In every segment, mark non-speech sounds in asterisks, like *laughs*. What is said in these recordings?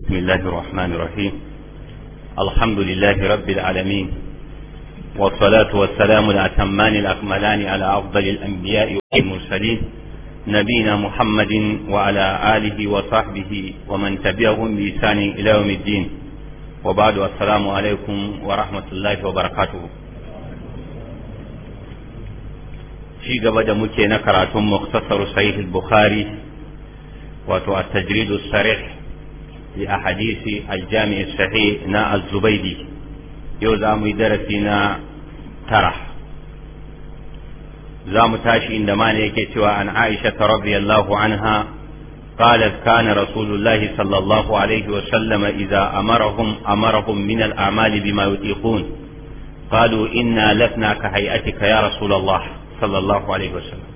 بسم الله الرحمن الرحيم الحمد لله رب العالمين والصلاة والسلام الأتمان الأكملان على أفضل الأنبياء والمرسلين نبينا محمد وعلى آله وصحبه ومن تبعهم بإحسان إلى يوم الدين وبعد السلام عليكم ورحمة الله وبركاته في gaba da muke مختصر صحيح البخاري وتو التجريد الصريح لأحاديث الجامع الصحيح نا الزبيدي يوزام درسنا ترح زام تاشي عندما نيكتوا عن عائشة رضي الله عنها قالت كان رسول الله صلى الله عليه وسلم إذا أمرهم أمرهم من الأعمال بما يطيقون قالوا إنا لسنا كهيئتك يا رسول الله صلى الله عليه وسلم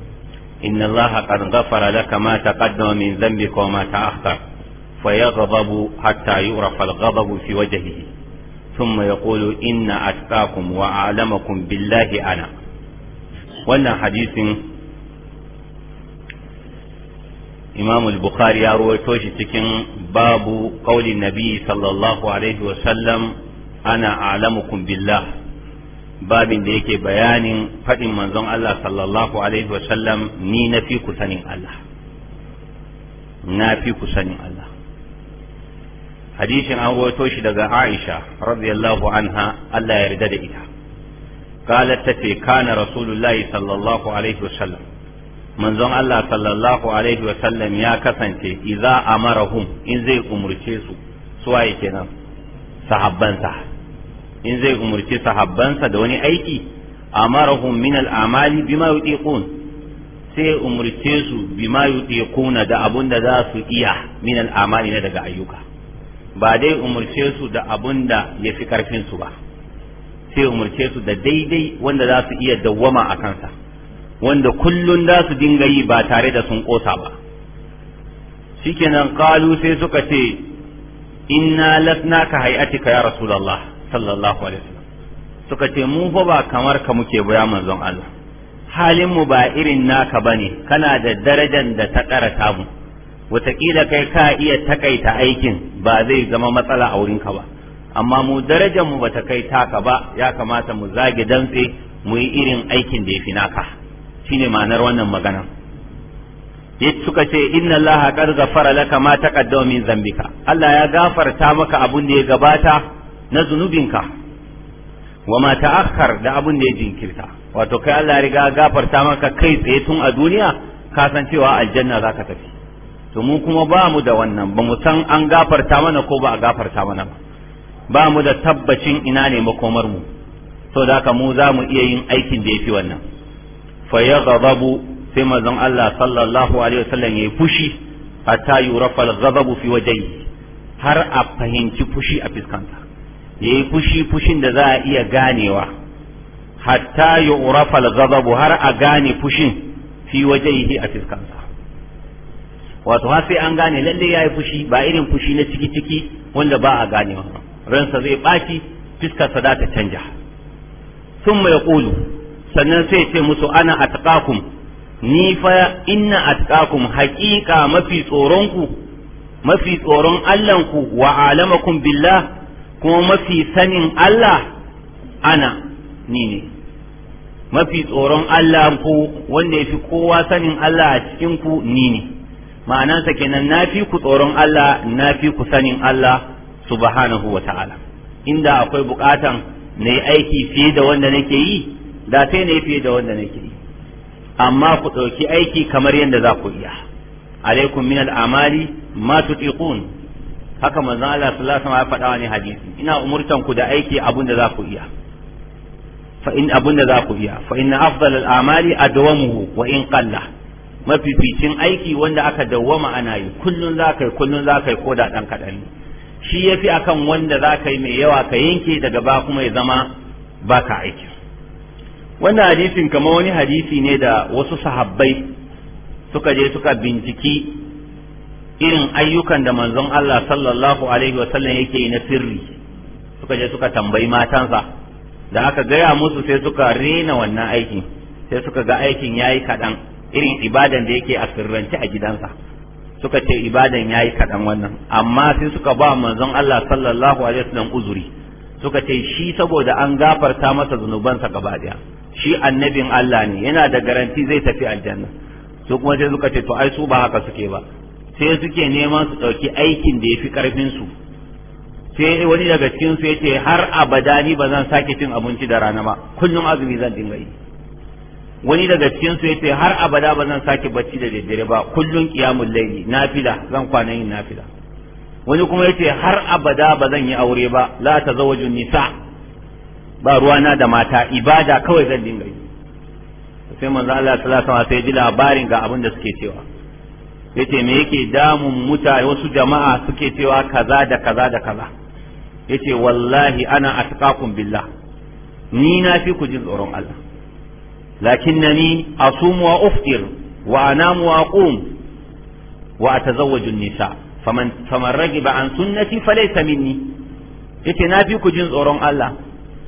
إن الله قد غفر لك ما تقدم من ذنبك وما تأخر فيغضب حتى يعرف الغضب في وجهه ثم يقول إن أتقاكم وأعلمكم بالله أنا wannan hadisin imam al-bukhari ya ruwaito shi cikin babu qaulin nabi sallallahu alaihi wa sallam ana a'lamukum billah babin da yake bayanin faɗin manzon Allah sallallahu alaihi wa sallam ni na fi ku sanin Allah na fi ku sanin Allah hadisin an rawaito shi daga Aisha radiyallahu anha Allah ya yarda da ita qalat tace kana rasulullahi sallallahu alaihi wasallam manzon Allah sallallahu alaihi wasallam ya kasance idza amarahum in zai umurce su suwaye kenan sahabbansa in zai umurce sahabbansa da wani aiki amarahum min al-amali bima yutiqun sai umurce su bima yutiquna da abun da za su iya min al-amali na daga ayyuka ba dai umurce su da abun da ya fi karfin su ba sai umurce su da daidai wanda za su iya dawwama a kansa wanda kullum za su dinga yi ba tare da sun kosa ba shikenan kalu sai suka ce inna lasna ka hay'atika ya rasulullah sallallahu alaihi wasallam suka ce mu fa ba kamar ka muke ba manzon Allah halin mu ba irin naka bane kana da darajar da ta karata mu. wataƙila kai ka iya takaita aikin ba zai zama matsala a wurinka ba amma mu darajar mu bata kai taka ba ya kamata mu zage dantse mu yi irin aikin da ya fi naka shine ma'anar wannan magana ya suka ce inna Allah qad ghafara laka ma taqaddama min zambika Allah ya gafarta maka abun da ya gabata na zunubinka wa ma ta'akhkhar da abun da ya jinkirta wato kai Allah ya riga gafarta maka kai tsaye tun a duniya kasancewa cewa aljanna zaka tafi to mu kuma ba mu da wannan ba mu san an gafarta mana ko ba a gafarta mana ba ba mu da tabbacin ina ne makomar mu so da haka mu za mu iya yin aikin da ya fi wannan fa ya ghadabu sai mazan Allah sallallahu alaihi wasallam yi fushi hatta yurafa al-ghadabu fi wajhihi har a fahimci fushi a fiskanta yi fushi fushin da za a iya ganewa hatta yurafa al-ghadabu har a gane fushin fi wajhihi a fiskanta wato har sai an gane lalle yayi fushi ba irin fushi na ciki ciki wanda ba a gane ransa zai baki fiskarsa za ta canja sun mai kulu sannan sai ce musu ana atqakum ni fa inna atqakum haqiqa mafi tsoronku mafi tsoron Allahnku wa alamakum billah kuma mafi sanin Allah ana ni ne mafi tsoron Allah ku wanda yafi kowa sanin Allah a cikin ku ni ne ma'anansa kenan na fi ku tsoron Allah na fi ku sanin Allah subhanahu wa ta'ala inda akwai bukatan na yi aiki fiye da wanda nake yi da sai na yi fiye da wanda nake yi amma ku ɗauki aiki kamar yadda za ku iya alaikum min al'amali ma tutiqun haka manzon Allah sallallahu alaihi wasallam ya faɗa ne hadisi ina umurtan ku da aiki abinda za ku iya fa in abinda za ku iya fa inna afdalal a'mali adwamuhu wa in qalla mafificin aiki wanda aka dawwama ana yi kullun za ka yi kullun za ka yi ko da ɗan kaɗan shi ya fi akan wanda za ka yi mai yawa ka yanke daga ba kuma ya zama ba ka aiki wanda hadisin kamar wani hadisi ne da wasu sahabbai suka je suka binciki irin ayyukan da manzon Allah sallallahu alaihi wasallam yake yi na sirri suka je suka tambayi matansa da aka gaya musu sai suka rena wannan aikin sai suka ga aikin yayi kaɗan irin ibadan da yake a sirrance a gidansa suka ce ibadan yi kaɗan wannan amma sai suka ba manzon Allah sallallahu alaihi wasallam uzuri suka ce shi saboda an gafarta masa zunubansa gaba daya shi annabin Allah ne yana da garanti zai tafi aljanna su kuma sai suka ce to ai su ba haka suke ba sai suke neman su ɗauki aikin da ya fi ƙarfin su sai wani daga cikin su yace har abada ni ba zan sake cin abinci da rana ba kullum azumi zan dinga yi wani daga cikin su yace har abada ba zan sake bacci da daddare ba kullun qiyamul layli nafila zan kwana yin nafila wani kuma yace har abada ba zan yi aure ba la tazawaju nisa ba ruwana da mata ibada kawai zan dinga yi sai manzo Allah sallallahu alaihi wasallam sai ji labarin ga abin da suke cewa yace me yake damun mutane wasu jama'a suke cewa kaza da kaza da kaza yace wallahi ana atqakum billah ni na fi ku jin tsoron Allah lakinnani asum wa uftir wa anam wa aqum wa atazawwaju nisa faman rage ba'an an sunnati falaysa minni yake na fi ku jin tsoron Allah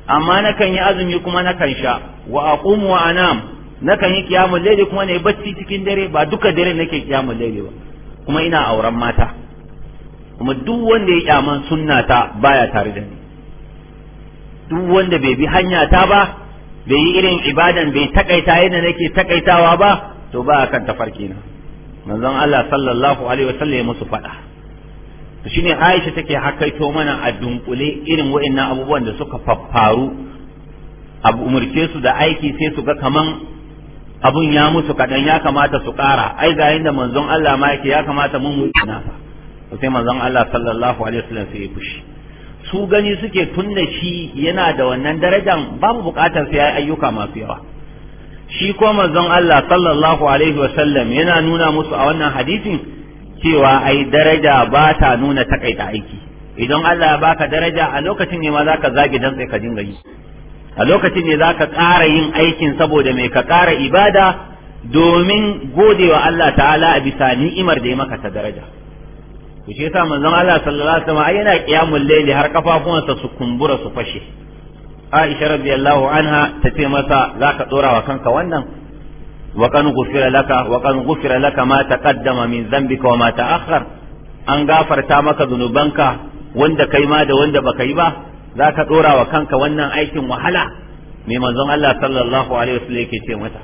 amma nakan yi azumi kuma nakan sha wa aqum wa anam nakan yi kiyamul laili kuma yi bacci cikin dare ba duka dare nake kiyamul laili ba kuma ina auren mata kuma duk wanda ya kyaman sunnata baya tare da ni duk wanda bai bi hanya ta ba bai yi irin ibadan bai takaita yadda nake takaitawa ba to ba akan tafarki na manzon Allah sallallahu alaihi wasallam musu fada to shine Aisha take hakaito mana a dunkule irin wa'annan abubuwan da suka faffaru abu umurce su da aiki sai su ga kaman abun ya musu kaɗan ya kamata su ƙara ai ga inda manzon Allah ma yake ya kamata mun mu ina fa sai manzon Allah sallallahu alaihi wasallam sai ya fushi su gani suke kunna shi yana da wannan darajan babu bukatar sai yayi ayyuka masu yawa shi ko manzon Allah sallallahu alaihi wasallam yana nuna musu a wannan hadisin cewa ai daraja ba ta nuna takaita aiki idan Allah ya baka daraja a lokacin ne ma zaka zage dan ka dinga yi a lokacin ne zaka ƙara yin aikin saboda mai ka ƙara ibada domin godewa Allah ta'ala a bisa ni'imar da ya maka ta daraja ku ce yasa manzon Allah sallallahu alaihi wasallam yana qiyamul layli har kafafuwansa su kumbura su fashe Aisha radiyallahu anha ta ce masa zaka dora wa kanka wannan wa kan ghufira laka wa kan ghufira laka ma taqaddama min dhanbika wa ma ta'akhkhar an gafarta maka zunubanka wanda kai ma da wanda baka yi ba zaka dora wa kanka wannan aikin wahala me manzon Allah sallallahu alaihi wasallam yake ce mata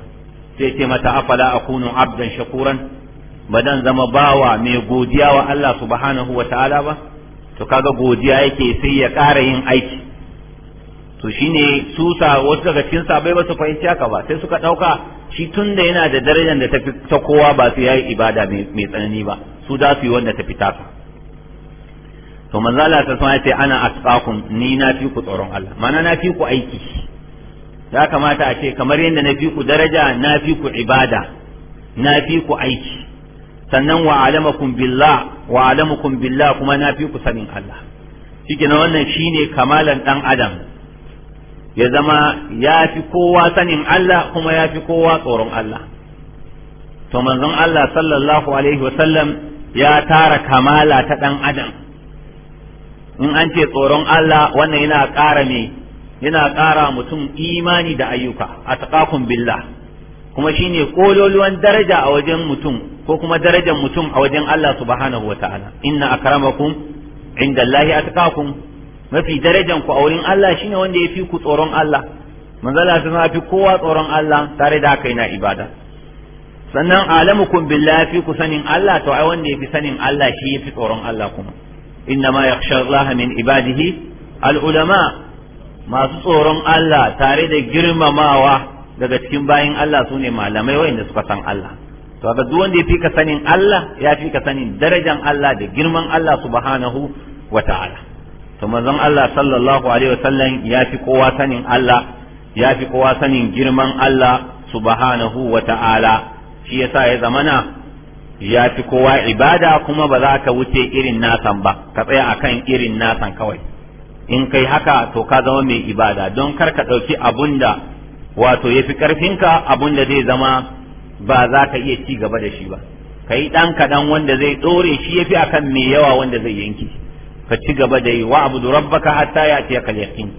sai ce mata afala akunu abdan shakuran ba dan zama bawa mai godiya wa Allah subhanahu wa ta'ala ba to kaga godiya yake sai ya ƙara yin aiki to shine su sa wasu daga cikin sabai ba su fahimci haka ba sai suka ɗauka shi tun da yana da darajar da tafi ta kowa ba su yayi ibada mai tsanani ba su da su yi wanda tafi taka to manzo Allah ta sama ce ana asfaqun ni na fi ku tsoron Allah mana na fi ku aiki ya kamata a ce kamar yadda na fi ku daraja na fi ku ibada na fi ku aiki sannan wa alamakum billah wa billah kuma na fi ku sanin Allah shike wannan shine kamalan dan adam ya zama ya fi kowa sanin Allah kuma ya fi kowa tsoron Allah to manzon Allah sallallahu alaihi wasallam ya tara kamala ta dan adam in an ce tsoron Allah wannan yana ƙara ne yana ƙara mutum imani da ayyuka a billah kuma shine kololuwan daraja a wajen mutum ko kuma darajar mutum a wajen Allah subhanahu wata'ala inna akramakum inda Allah atqakum mafi darajar ku a wurin Allah shine wanda ya fi ku tsoron Allah manzala na fi kowa tsoron Allah tare da haka yana ibada sannan alamukum billahi fi ku sanin Allah to ai wanda ya fi sanin Allah shi ya fi tsoron Allah kuma inna ma yakhsha Allah min ibadihi al masu tsoron Allah tare da girmamawa daga cikin bayin Allah sune malamai wayanda suka san Allah to ga duk wanda ya fi ka sanin Allah ya fi ka sanin darajan Allah da girman Allah subhanahu wa ta'ala to manzon Allah sallallahu alaihi wasallam ya fi kowa sanin Allah ya fi kowa sanin girman Allah subhanahu wa ta'ala shi yasa ya zamana ya fi kowa ibada kuma ba za ka wuce irin nasan ba ka tsaya akan irin nasan kawai in kai haka to ka zama mai ibada don kar ka ɗauki abun da wato ya fi ƙarfinka abun da zai zama ba za ka iya ci gaba da shi ba ka yi ɗan kaɗan wanda zai ɗore shi ya fi akan mai yawa wanda zai yanki ka ci gaba da yi wa abu rabbaka hatta ya ce ka yaqin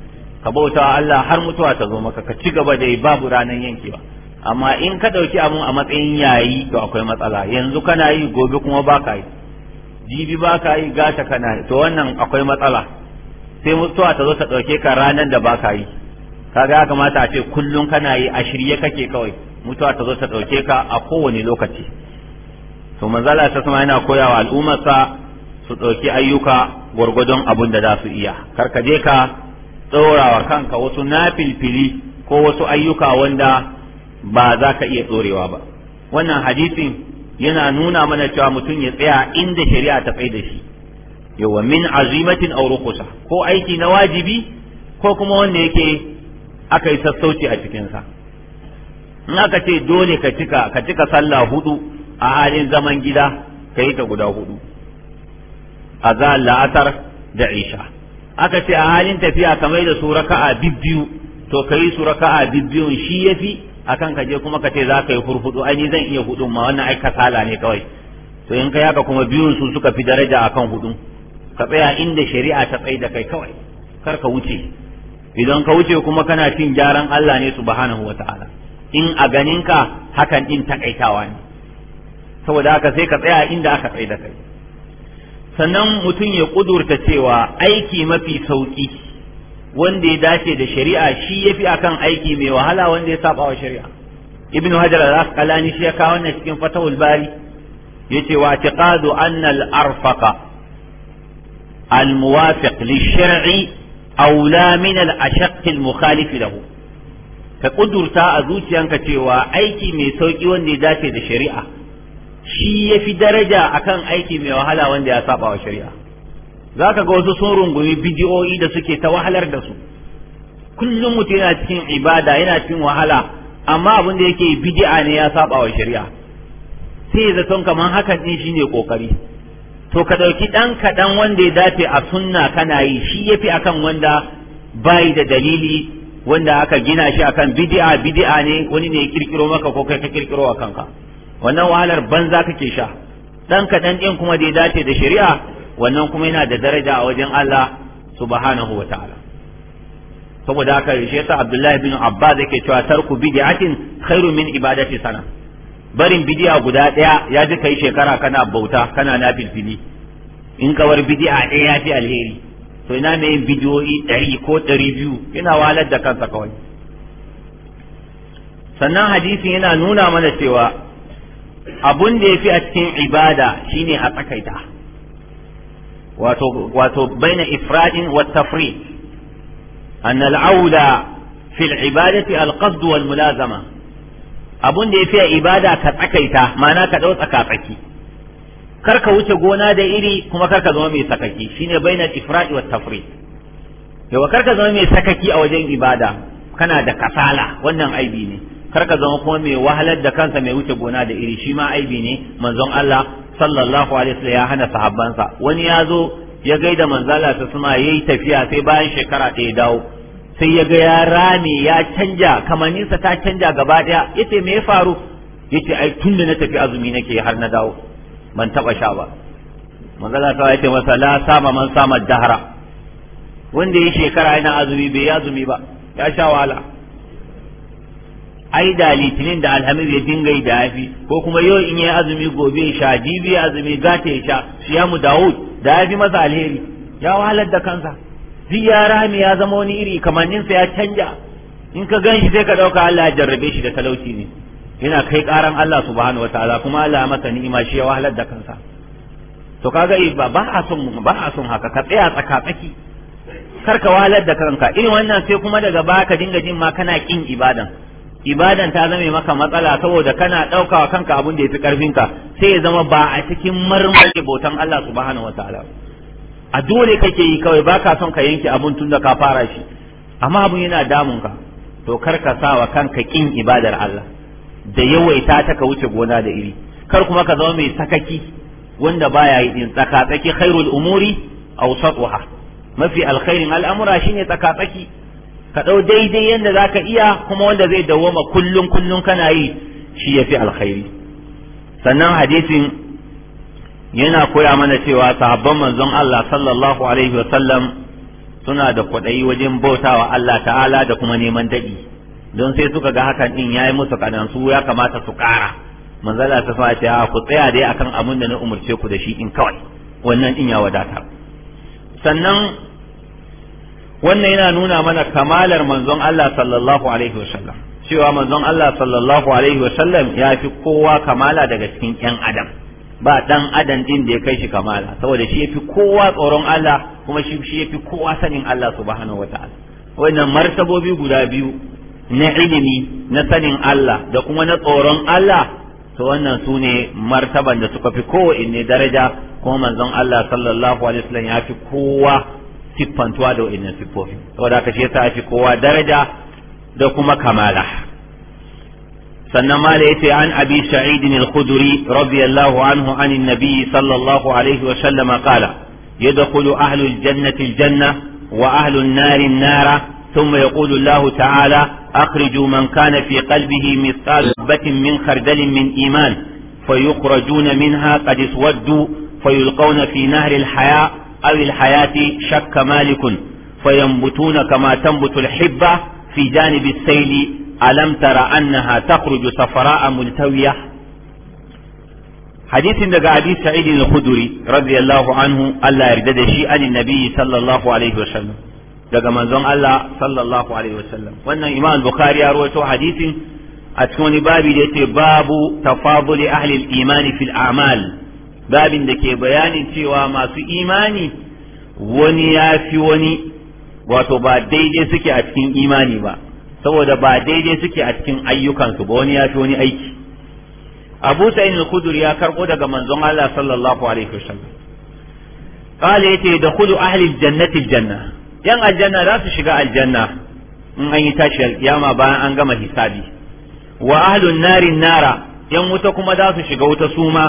ka bauta wa Allah har mutuwa ta zo maka ka ci gaba da yi babu ranar yankewa amma in ka ɗauki abun a matsayin yayi to akwai matsala yanzu kana yi gobe kuma ba ka yi jibi ba ka yi gata kana yi to wannan akwai matsala sai mutuwa ta zo ta ɗauke ka ranar da ba ka yi kaga ya kamata a ce kullum kana yi a shirye kake kawai mutuwa ta zo ta ɗauke ka a kowane lokaci to manzala ta sama yana koya koyawa al'ummarsa su ɗauki ayyuka gwargwadon abin da za su iya kar ka je ka tsorawa kanka wasu nafilfili ko wasu ayyuka wanda ba za ka iya tsorewa ba wannan hadisin yana nuna mana cewa mutum ya tsaya inda shari'a ta fai da shi yawa min azimatin aure kusa ko aiki na wajibi ko kuma wanda yake aka yi sassauci a cikinsa in aka ce dole ka cika ka cika sallah hudu a halin zaman gida ka yi ta guda hudu za la'asar da isha aka ce a halin tafiya ka mai da su raka'a bibbiyu to ka yi su raka'a bibbiyun shi yafi akan ka je kuma ka ce za ka yi hurhudu ai zan iya hudun ma wannan ai kasala ne kawai to in ka yaka kuma biyun su suka fi daraja akan hudun ka tsaya inda shari'a ta tsaye da kai kawai kar ka wuce idan ka wuce kuma kana cin gyaran Allah ne subhanahu wataala in a ganinka hakan din takaitawa ne saboda haka sai ka tsaya inda aka tsaye da kai sannan mutum ya kudurta cewa aiki mafi sauki wanda ya dace da shari'a shi yafi akan aiki mai wahala wanda ya saba wa shari'a ibn hajar al-asqalani shi ya kawo wannan cikin fatahul bari yace wa i'tiqadu anna al-arfaqa al-muwafiq lish-shar'i أولى من الأشق المخالف dahu. ka kudurta a zuciyanka cewa aiki mai sauki wanda ya dace da shari'a shi ya fi daraja akan aiki mai wahala wanda ya saba wa shari'a za ka ga wasu sun rungumi bidiyoyi da suke ta wahalar da su kullum mutum yana cikin ibada yana cikin wahala amma abin da yake bidi'a ne ya saba wa shari'a sai zaton kamar hakan shi ne kokari to ka ɗauki ɗan kaɗan wanda ya dace a sunna kana yi shi ya fi akan wanda bayi da dalili wanda aka gina shi akan bid'a bid'a ne wani ne ya kirkiro maka ko kai ka kirkiro a kanka wannan wahalar banza kake sha dan kaɗan ɗin kuma da ya dace da shari'a wannan kuma yana da daraja a wajen Allah subhanahu wa ta'ala saboda haka shi yasa Abdullahi bin Abbas yake cewa tarku bid'atin khairu min ibadati sana barin bidiya guda ɗaya ya ji kai shekara kana bauta kana na filfili in kawar bidiya ɗaya ya fi alheri to ina mai yin bidiyoyi ɗari ko ɗari biyu yana walar da kansa kawai sannan hadisin yana nuna mana cewa abun da ya fi a cikin ibada shine a tsakaita wato baina ifradin wa tafrid an al'aula fi al'ibadati al-qasd wal mulazama abun da ya fi a ibada ka tsakaita ma'ana ka dau tsaka tsaki kar ka wuce gona da iri kuma karka zama mai sakaki shine bainal ifradi wat tafri yawa kar ka zama mai sakaki a wajen ibada kana da kasala wannan aibi ne karka zama kuma mai wahalar da kansa mai wuce gona da iri shi ma aibi ne manzon Allah sallallahu alaihi wasallam ya hana sahabbansa wani ya zo ya gaida manzala ta suma ya yi tafiya sai bayan shekara ɗaya dawo sai ya ga ya rame ya canja kamaninsa ta canja gaba ɗaya yace ce me ya faru yace ai tun da na tafi azumi nake har na dawo ban taba sha ba manzala ta yace masa la sama man sama dahara wanda yi shekara yana azumi bai azumi ba ya sha wahala ai da litinin da alhamis ya dinga yi da yafi ko kuma yau in yi azumi gobe ya sha jibi ya azumi gata ya sha siyamu dawud da fi masa alheri ya wahalar da kansa duk ya rami ya zama wani iri kamanninsa ya canja in ka gan shi sai ka ɗauka Allah ya jarrabe shi da talauci ne yana kai karan Allah subhanahu wataala kuma Allah masa ni'ima shi ya wahalar da kansa to kaga ba ba a son ba a son haka ka tsaya tsaka tsaki kar ka wahalar da kanka irin wannan sai kuma daga baya ka dinga jin ma kana kin ibadan ibadan ta zame maka matsala saboda kana wa kanka abin da ya fi ka sai ya zama ba a cikin marmari botan Allah subhanahu wataala a dole kake yi kawai baka son ka yanke abun tun da ka fara shi amma abun yana damun ka to kar ka sa wa kanka kin ibadar Allah da yawaita ta ka wuce gona da iri kar kuma ka zama mai sakaki wanda baya yi din tsaka tsaki khairul umuri awsatuha mafi alkhairin al'amura shine tsaka tsaki ka dau daidai yanda zaka iya kuma wanda zai dawoma kullun kullun kana yi shi yafi alkhairi sannan hadisin yana koya mana cewa sahabban manzon Allah sallallahu alaihi wasallam suna da kwaɗayi wajen bautawa Allah ta'ala da kuma neman daɗi don sai suka ga hakan din yayi musu kadan su ya kamata su kara manzala ta fa ku tsaya dai akan abin da na umurce ku da shi in kawai wannan din ya wadata. sannan wannan yana nuna mana kamalar manzon Allah sallallahu alaihi wasallam cewa manzon Allah sallallahu alaihi wasallam ya fi kowa kamala daga cikin yan adam ba dan adam din da ya kai shi kamala saboda shi yafi kowa tsoron Allah kuma shi shi yafi kowa sanin Allah subhanahu wataala wannan martabobi guda biyu na ilimi na sanin Allah da kuma na tsoron Allah to wannan su ne martaban da suka fi kowanne daraja kuma manzon Allah sallallahu alaihi wasallam ya fi kowa siffantuwa da wa'annan siffofi saboda haka shi yasa ya fi kowa daraja da kuma kamala sannan ma da yace an abi sa'id al-khudri radiyallahu anhu anin nabi sallallahu alaihi wa sallama qala yadkhulu ahlul jannati al-janna wa ahlun nari an-nara ثم يقول الله تعالى أخرجوا من كان في قلبه مثقال حبة من خردل من إيمان فيخرجون منها قد اسودوا فيلقون في نهر الحياة أو الحياة شك مالك فينبتون كما تنبت الحبة في جانب السيل ألم ترى أنها تخرج صفراء ملتوية حديث دقى أبي سعيد الخدري رضي الله عنه ألا يردد شيئا النبي صلى الله عليه وسلم daga manzon Allah sallallahu alaihi wasallam wannan imam bukhari ya rawaito hadisin a cikin wani babi da yace babu tafaduli ahli al-iman fil a'mal babin da ke bayanin cewa masu imani wani ya fi wani wato ba daidai suke a cikin imani ba saboda ba daidai suke a cikin ayyukansu ba wani ya fi wani aiki abu sa'in al-khudri ya karbo daga manzon Allah sallallahu alaihi wasallam قال يتي دخول أهل الجنة الجنة yan aljanna za su shiga aljanna in an yi tashi alkiyama bayan an gama hisabi wa ahlun narin nara yan wuta kuma za su shiga wuta suma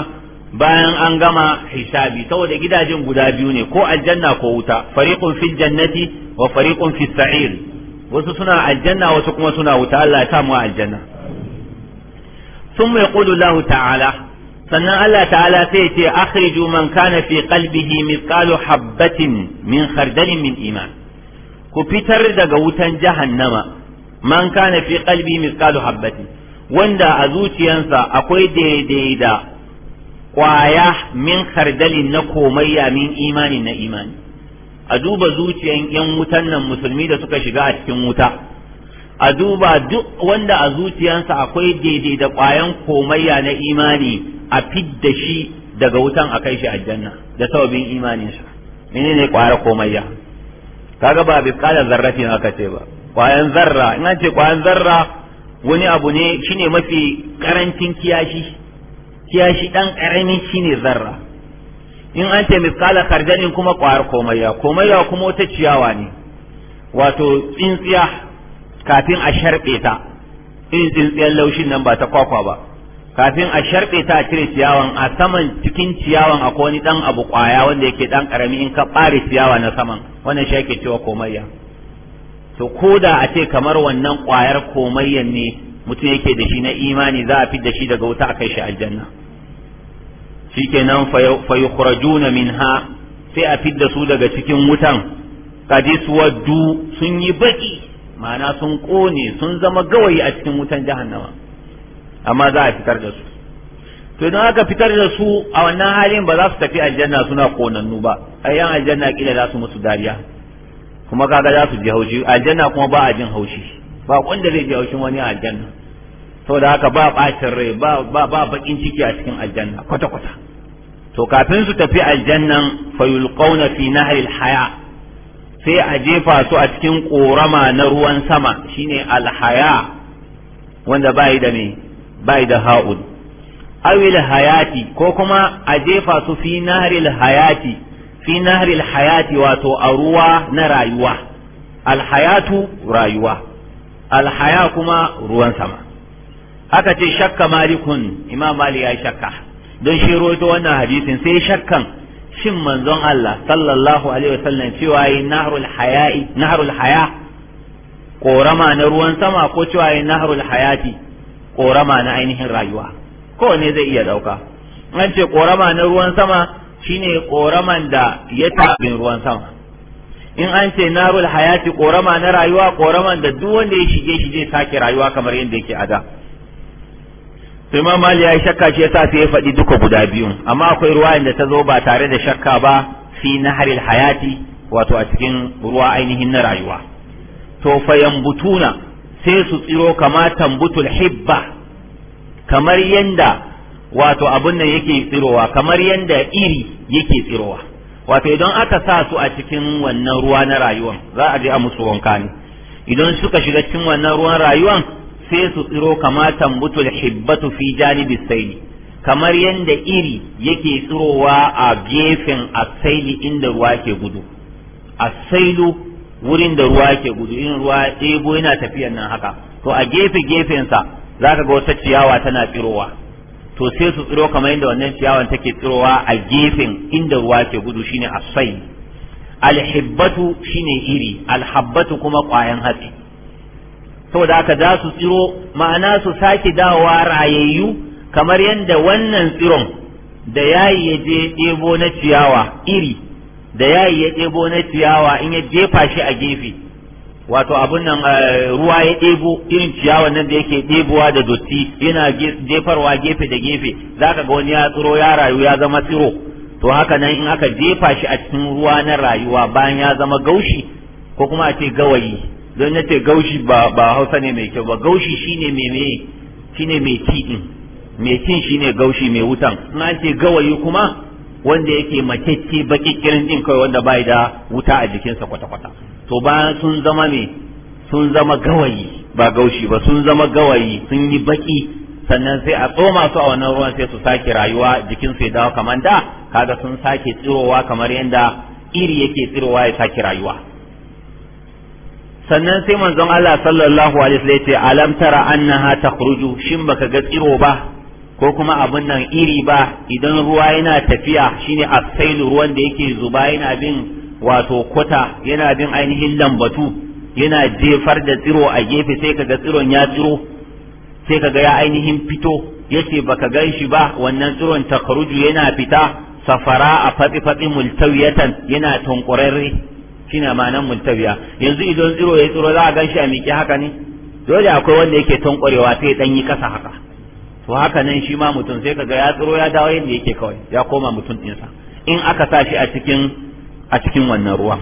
bayan an gama hisabi saboda gidajen guda biyu ne ko aljanna ko wuta fariqun fil jannati wa fariqun fis sa'ir wasu suna aljanna wasu kuma suna wuta Allah ya sa mu aljanna thumma yaqulu Allah ta'ala sannan Allah ta'ala sai ya ce akhriju man kana fi qalbihi mithqalu habatin min khardalin min iman ku fitar daga wutan jahannama man kana fi qalbi misqalu habbati wanda a zuciyansa akwai daidai da kwaya min kardalin na komayya min imani na imani a duba zuciyan yan wutan nan musulmi da suka shiga a cikin wuta a duba duk wanda a zuciyansa akwai daidai da kwayan komayya na imani a fidda shi daga wutan a kai shi aljanna da sababin imaninsa menene kwara komayya kaga ba bi kala zarratin aka ce ba kwayan zarra in an ce kwayan zarra wani abu ne shine mafi karancin kiyashi kiyashi dan karami shine zarra in an ce miskala karjanin kuma kwayar komayya komayya kuma wata ciyawa ne wato tsintsiya kafin a sharbe ta irin tsintsiyar laushin nan ba ta kwakwa ba kafin a sharɓe ta a cire ciyawan a saman cikin ciyawan akwai wani dan abu kwaya wanda yake dan karami in ka ɓare ciyawa na saman wannan shi ake cewa komayya to ko da a ce kamar wannan kwayar komayyan ne mutum yake da shi na imani za a fi da shi daga wuta a kai shi aljanna shikenan na min ha sai a fidda su daga cikin wutan kaji su waddu sun yi baƙi ma'ana sun ƙone sun zama gawayi a cikin wutan jahannama amma za a fitar da su to idan aka fitar da su a wannan halin ba za su tafi aljanna suna konannu ba yan aljanna kila za su musu dariya kuma kaga za su ji haushi aljanna kuma ba a jin haushi ba wanda zai ji haushin wani aljanna saboda haka ba bacin rai ba ba ba bakin ciki a cikin aljanna kwata kwata to kafin su tafi aljannan fayulqauna fi nahri alhaya sai a jefa su a cikin korama na ruwan sama shine alhaya wanda bai da me bai da ha'un awil hayati ko kuma a jefa su fi nahril hayati fi hayati wato a ruwa na rayuwa alhayatu rayuwa alhaya kuma ruwan sama haka ce shakka malikun imam mali ya shakka don shi roito wannan hadisin sai shakkan shin manzon Allah sallallahu alaihi wasallam cewa yi nahrul haya'i haya korama na ruwan sama ko cewa yi nahrul hayati korama na ainihin rayuwa kowane zai iya dauka an ce korama na ruwan sama shine koraman da ya tabin ruwan sama in an ce narul hayati korama na rayuwa koraman da duk wanda ya shige shi zai sake rayuwa kamar yadda yake a da sai mali ya yi shakka shi yasa sai ya faɗi duka guda biyu amma akwai ruwa da ta zo ba tare da shakka ba fi naharil hayati wato a cikin ruwa ainihin na rayuwa to fayambutuna sai su tsiro kama tambutul hibba kamar yanda wato abun nan yake tsirowa kamar yanda iri yake tsirowa wato idan aka sa su a cikin wannan ruwa na rayuwa za a je a musu wanka ne idan suka shiga cikin wannan ruwan rayuwan sai su tsiro kama tambutul hibbatu fi janibi saili kamar yanda iri yake tsirowa a gefen asaili inda ruwa ke gudu asailu wurin da ruwa yake gudu in ruwa ɗebo yana tafiyan nan haka to a gefe gefensa za ka ga wata ciyawa tana tsirowa to sai su tsiro kamar yadda wannan ciyawan take tsirowa a gefen inda ruwa ke gudu shine asai alhibbatu shine iri alhabbatu kuma ƙwayan hatsi saboda haka za su tsiro ma'ana su sake dawowa rayayyu kamar yadda wannan tsiron da yayi ya je ɗebo na ciyawa iri da yayi ya ɗebo na ciyawa in ya jefa shi a gefe wato abun nan eh, ruwa ya ɗebo irin ciyawa nan da yake ɗebowa da dotti yana jefarwa gefe da gefe zaka ga wani ya tsiro ya rayu ya zama tsiro to haka nan in aka jefa shi a cikin ruwa na rayuwa bayan ya zama gaushi ko kuma a ce gawayi don ya ce gaushi ba hausa ne mai kyau ba gaushi shine mai mai shine mai ci mai cin shine gaushi mai wutan in an ce gawayi kuma wanda yake macece baki kirin din kawai wanda bai da wuta a jikinsa kwata-kwata to ba sun zama ne sun zama gawayi ba gaushi ba sun zama gawayi sun yi baki sannan sai a tsoma su a wannan ruwan sai su sake rayuwa jikinsu ya dawo kamar da kaga sun sake tsirowa kamar yadda iri yake tsirowa ya sake rayuwa sannan sai manzon Allah sallallahu alaihi wasallam ya ce alam tara annaha takhruju shin baka ga tsiro ba ko kuma abin nan iri ba idan ruwa yana tafiya shine asailu ruwan da yake zuba yana bin wato kwata yana bin ainihin lambatu yana jefar da tsiro a gefe sai kaga tsiron ya tsiro sai kaga ya ainihin fito yace baka gan shi ba wannan tsiron takaruju yana fita safara a fatsi fatsi multawiyatan yana tunkurarre shine ma'anan multawiya yanzu idan tsiro ya tsiro za a gan shi a miƙe haka ne dole akwai wanda yake tunkurewa sai dan yi kasa haka to haka nan shi ma mutum sai kaga ya tsiro ya dawo yadda yake kawai ya koma mutum ɗinsa in aka sa shi a cikin wannan ruwa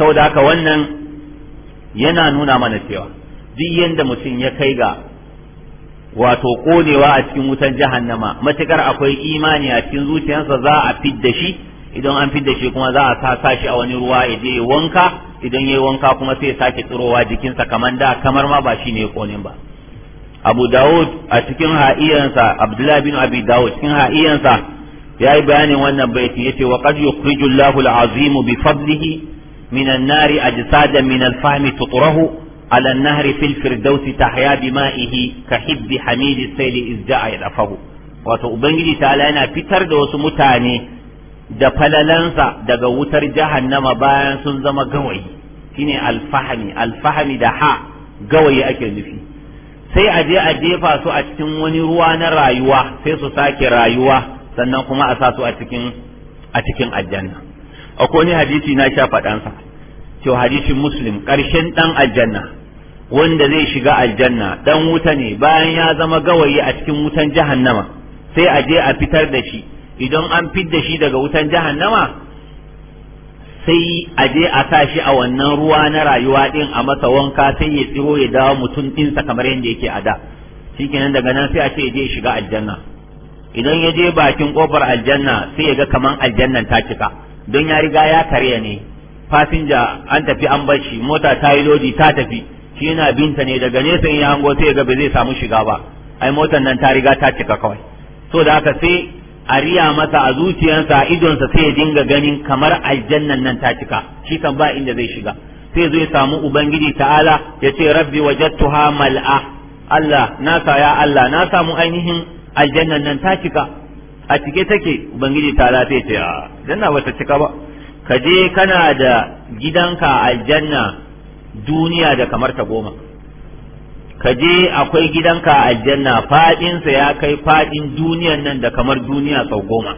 saboda haka wannan yana nuna mana cewa duk yadda mutum ya kai ga wato konewa a cikin wutan jahannama matukar akwai imani a cikin zuciyarsa za a fidda shi idan an fidda shi kuma za a sa sa shi a wani ruwa ya je wanka idan yayi wanka kuma sai ya sake tsirowa jikinsa kamar da kamar ma ba shi ne konin ba abu dawud a cikin ha'iyansa abdullahi bin abi dawud cikin ha'iyansa ya yi bayanin wannan baiti yace wa qad yukhriju Allahu al bi fadlihi min an-nari ajsadan min al-fahmi tutrahu على النهر في الفردوس ka بمائه كحب حميد السيل إذ جاء يدفه wato ubangiji ta'ala yana fitar da wasu mutane da falalansa daga wutar jahannama bayan sun zama gawayi shine alfahami alfahami da ha gawayi ake nufi sai a je a jefa su a cikin wani ruwa na rayuwa sai su sake rayuwa sannan kuma a sa su a cikin a cikin aljanna akwai wani hadisi na sha faɗansa cewa hadisin muslim karshen ɗan aljanna wanda zai shiga aljanna ɗan wuta ne bayan ya zama gawayi a cikin wutan jahannama sai a je a fitar da shi idan an fid da shi daga wutan jahannama sai a je a sa shi a wannan ruwa na rayuwa din a masa wanka sai ya tsiro ya dawo mutum ɗinsa kamar yadda yake a da shikenan daga nan sai a ce je shiga aljanna idan ya je bakin kofar aljanna sai ya ga kaman aljannan ta cika don ya riga ya karya ne fasinja an tafi an bar shi mota ta yi lodi ta tafi shi yana binta ne daga nesa in ya hango sai ya ga ba zai samu shiga ba ai motar nan ta riga ta cika kawai so da haka sai a riya masa a zuciyarsa a idonsa sai ya dinga ganin kamar aljannan nan ta cika shi kan ba inda zai shiga sai zai samu ubangiji ta'ala ya ce rabbi wajadtuha mal'a Allah na sa ya Allah na samu ainihin aljannan nan ta cika a cike take ubangiji ta'ala sai ce a ah, janna bata cika ba ka je kana da gidanka aljanna duniya da kamar ta goma ka je akwai gidanka a aljanna faɗinsa ya kai faɗin duniyan nan da kamar duniya sau goma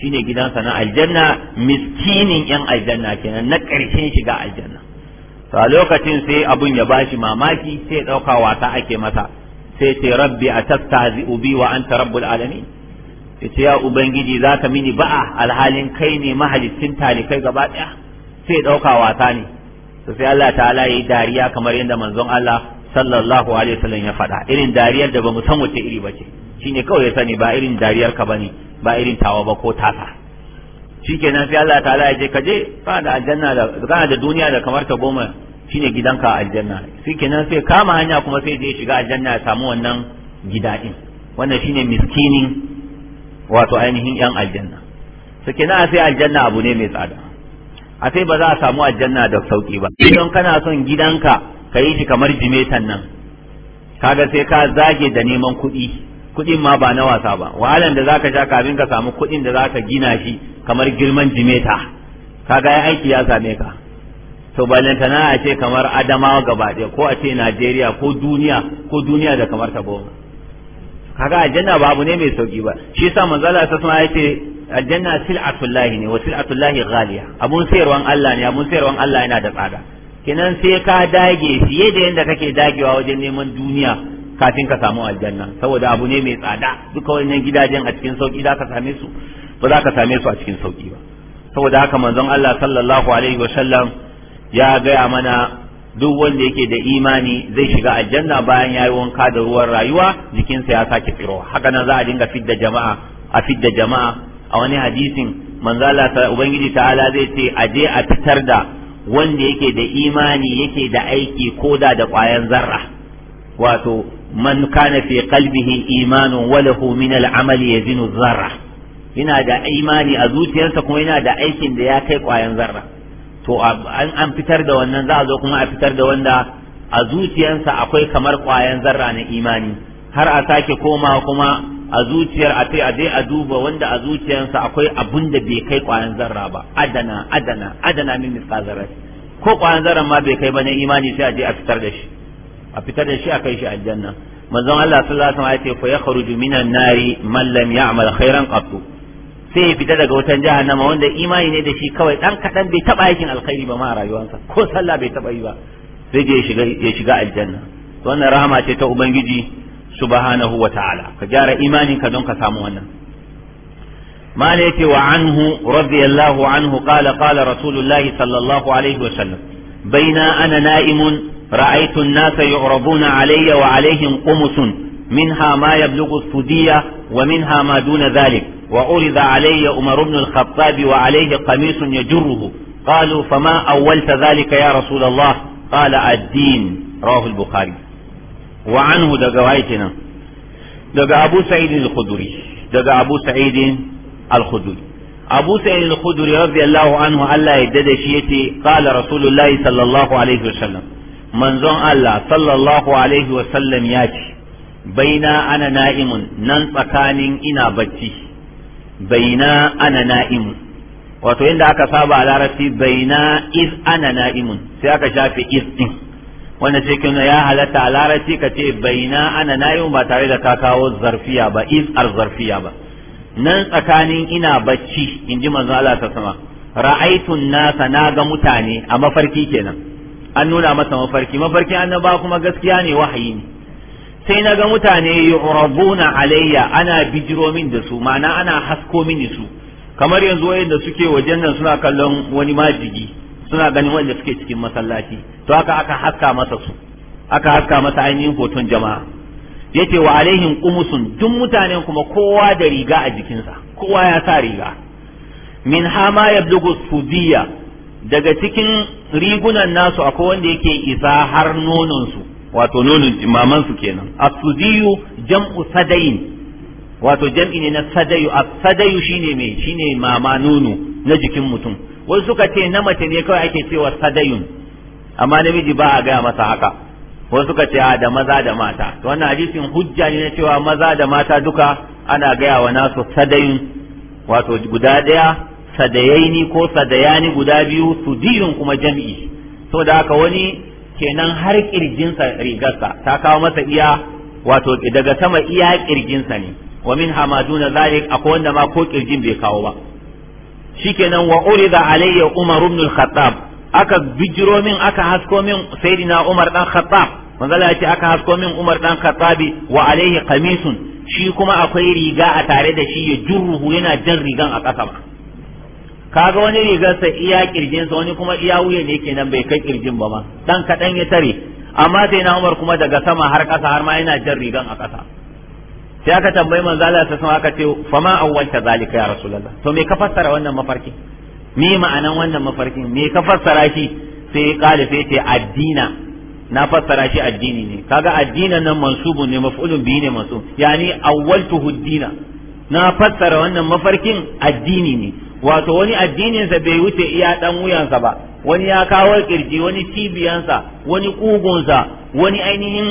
shine gidansa na aljanna miskinin yan aljanna kenan na ƙarshen shiga aljanna to a lokacin sai abun ya bashi mamaki sai ɗauka wasa ake masa sai ce rabbi a tattazi ubi wa anta rabbul alamin yace ya ubangiji za ka mini ba'a alhalin kai ne mahalicin talikai gaba daya sai ɗauka wasa ne to sai Allah ta'ala yi dariya kamar yadda manzon Allah sallallahu alaihi wasallam ya faɗa irin dariyar da bamu san wace iri bace shine kawai ya sani ba irin dariyar ka bane ba irin tawa ba ko tasa shikenan sai Allah ta'ala ya je ka je ka da aljanna da kana da duniya da kamar ta goma shine gidanka a aljanna shikenan sai kama hanya kuma sai je shiga aljanna ya samu wannan gida din wannan shine miskinin wato ainihin yan aljanna suke sai aljanna abu ne mai tsada a sai ba za a samu aljanna da sauki ba idan kana son gidanka ka yi shi kamar jimetan nan kaga sai ka zage da neman kuɗi kuɗin ma ba na wasa ba wahalan da zaka sha kafin ka samu kuɗin da za ka gina shi kamar girman jimeta kaga ya aiki ya same ka to balantana a ce kamar adamawa gaba ɗaya ko a ce najeriya ko duniya ko duniya da kamar ta goma kaga aljanna ne mai sauki ba shi yasa manzala ta sama ya ce aljanna sil'atullahi ne wa sil'atullahi ghaliya abun sayarwan Allah ne abun sayarwan Allah yana da tsada Kinan sai ka dage fiye da yadda kake dagewa wajen neman duniya kafin ka samu aljanna saboda abu ne mai tsada duka wannan gidajen a cikin sauki za ka same su ba za ka same su a cikin sauki ba saboda haka manzon Allah sallallahu alaihi wa sallam ya gaya mana duk wanda yake da imani zai shiga aljanna bayan yayi wanka da ruwan rayuwa jikinsa ya sake tsiro haka nan za a dinga fidda jama'a a fidda jama'a a wani hadisin manzo Allah ubangiji ta'ala zai ce a je a fitar da wanda yake da imani yake da aiki koda da ƙwayan zarra wato man kana fi qalbihi imanun walahu min al'amali yazinu zarra yana da imani a zuciyarsa kuma yana da aikin da ya kai ƙwayan zarra to an fitar da wannan za a zo kuma a fitar da wanda a zuciyarsa akwai kamar ƙwayan zarra na imani har a sake koma kuma a zuciyar a a je a duba wanda a zuciyarsa akwai abun da bai kai kwayan zarra ba adana adana adana min misqa ko kwayan zarra ma bai kai ba na imani sai a je a fitar da shi a fitar da shi a kai shi aljanna manzon Allah sallallahu alaihi wasallam ya ce fa yakhruju minan nari man lam ya'mal khairan qattu sai ya fita daga wutan jahannama wanda imani ne da shi kawai dan kadan bai taba yakin alkhairi ba ma a rayuwarsa ko sallah bai taba yi ba sai ya shiga ya shiga aljanna wannan rahama ce ta ubangiji subhanahu wa ta'ala ka gyara imaninka don ka samu wannan mala yake wa anhu radiyallahu anhu qala qala rasulullahi sallallahu alaihi wa sallam baina ana na'imun ra'aytu an-nasa yu'raduna alayya wa alaihim qumusun منها ما يبلغ الثدية ومنها ما دون ذلك وعرض علي عمر بن الخطاب وعليه قميص يجره قالوا فما أولت ذلك يا رسول الله قال الدين رواه البخاري wa anhu daga waye kenan daga abu sa'id al daga abu sa'id al-khudri abu sa'id al-khudri radiyallahu anhu Allah ya dade shi yace kala rasulullahi sallallahu alaihi wasallam manzon Allah sallallahu alaihi wasallam ya ce baina ana na'imun nan tsakanin ina bacci baina ana na'imun wato inda aka saba a larabci baina iz ana na'imun sai aka shafe iz ɗin. wanda ce kin ya halatta a larabci ka ce baina ana nayi ba tare da ka kawo zarfiya ba iz al zarfiya ba nan tsakanin ina bacci in ji manzo Allah ta sama ra'aitu nasa na ga mutane a mafarki kenan an nuna masa mafarki mafarki annaba kuma gaskiya ne wahayi ne sai na ga mutane yu'raduna alayya ana bijiro min da su ma'ana ana hasko mini su kamar yanzu wayanda suke wajen nan suna kallon wani majigi suna ganin wanda suke cikin masallaci to haka aka haska masa su aka haska masa ainihin hoton jama'a yace wa alaihim qumusun duk mutanen kuma kowa da riga a jikinsa kowa ya sa riga min hama yablugu sudiya daga cikin rigunan nasu akwai wanda yake isa har nonon su wato nonon imaman su kenan asudiyu jam'u sadayin wato jam'i ne na sadayu asadayu shine me shine mama nono na jikin mutum wasu suka ce na mace ne kawai ake cewa sadayun amma namiji ba a gaya masa haka wasu suka ce da maza da mata to wannan hadisin hujja ne na cewa maza da mata duka ana gaya wa nasu sadayun wato guda daya sadayaini ko sadayani guda biyu su dirin kuma jam'i da haka wani kenan har kirjinsa rigarsa ta kawo masa iya wato daga sama iya kirjinsa ne wa min hamaduna zalik akwai wanda ma ko kirjin bai kawo ba shikenan wa urida alayya umar ibn al-khattab aka bijiro min aka hasko min sayyidina umar dan khattab manzala ya aka hasko min umar dan Khattab wa alayhi qamisun shi kuma akwai riga a tare da shi ya jurruhu yana jan rigan a ƙasa ba kaga wani rigarsa iya sa wani kuma iya wuya ne kenan bai kai kirjin ba ma dan kadan ya tare amma sai na Umar kuma daga sama har ƙasa har ma yana jan rigan a ƙasa sai aka tambayi manzo Allah ta sama aka ce fama awwalta zalika ya rasulullah to me ka fassara wannan mafarki me ma'anan wannan mafarkin me ka fassara shi sai kale sai ce addina na fassara shi addini ne kaga addina nan mansubun ne maf'ulun bihi ne mansub yani awwaltuhu huddina na fassara wannan mafarkin addini ne wato wani addininsa bai wuce iya dan wuyansa ba wani ya kawo kirji wani cibiyansa wani kugunsa wani ainihin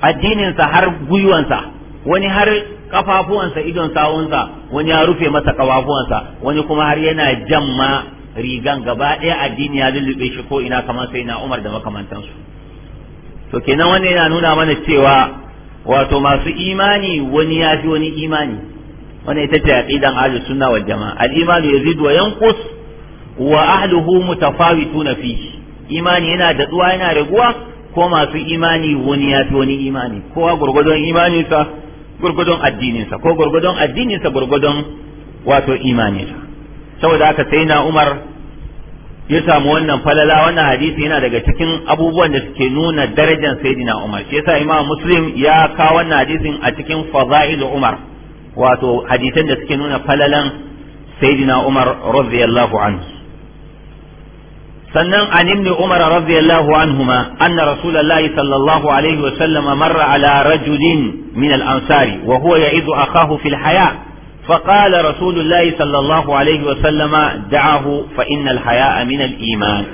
addininsa har gwiwansa wani har kafafuwansa idon sawunsa wani ya rufe masa kafafuwansa wani kuma har yana jamma rigan gaba ɗaya addini ya lullube shi ko ina kamar sai na Umar da makamantansu to kenan wannan yana nuna mana cewa wato masu imani wani ya fi wani imani wannan ita ce aqidan ahli sunna wal jamaa al imanu yazid wa yanqus wa ahluhu mutafawitun fi imani yana da tsuwa yana raguwa ko masu imani wani ya fi wani imani kowa gurgurdon imaninsa gurgudun addininsa ko gurgudun addininsa gurgudun wato imaninsa saboda haka sai na umar ya samu wannan falala wannan hadisi yana daga cikin abubuwan da suke nuna darajar sayyidina umar shi yasa imam muslim ya kawo wannan hadisin a cikin fada'il umar wato hadisan da suke nuna falalan sayyidina umar radiyallahu anhu sannan an ibn umar radiyallahu anhuma anna rasulullahi sallallahu alaihi wa sallam marra ala rajulin min al-ansari wa huwa ya'izu akahu fil haya' فقال رسول الله صلى الله عليه وسلم دعه فإن الحياء من الإيمان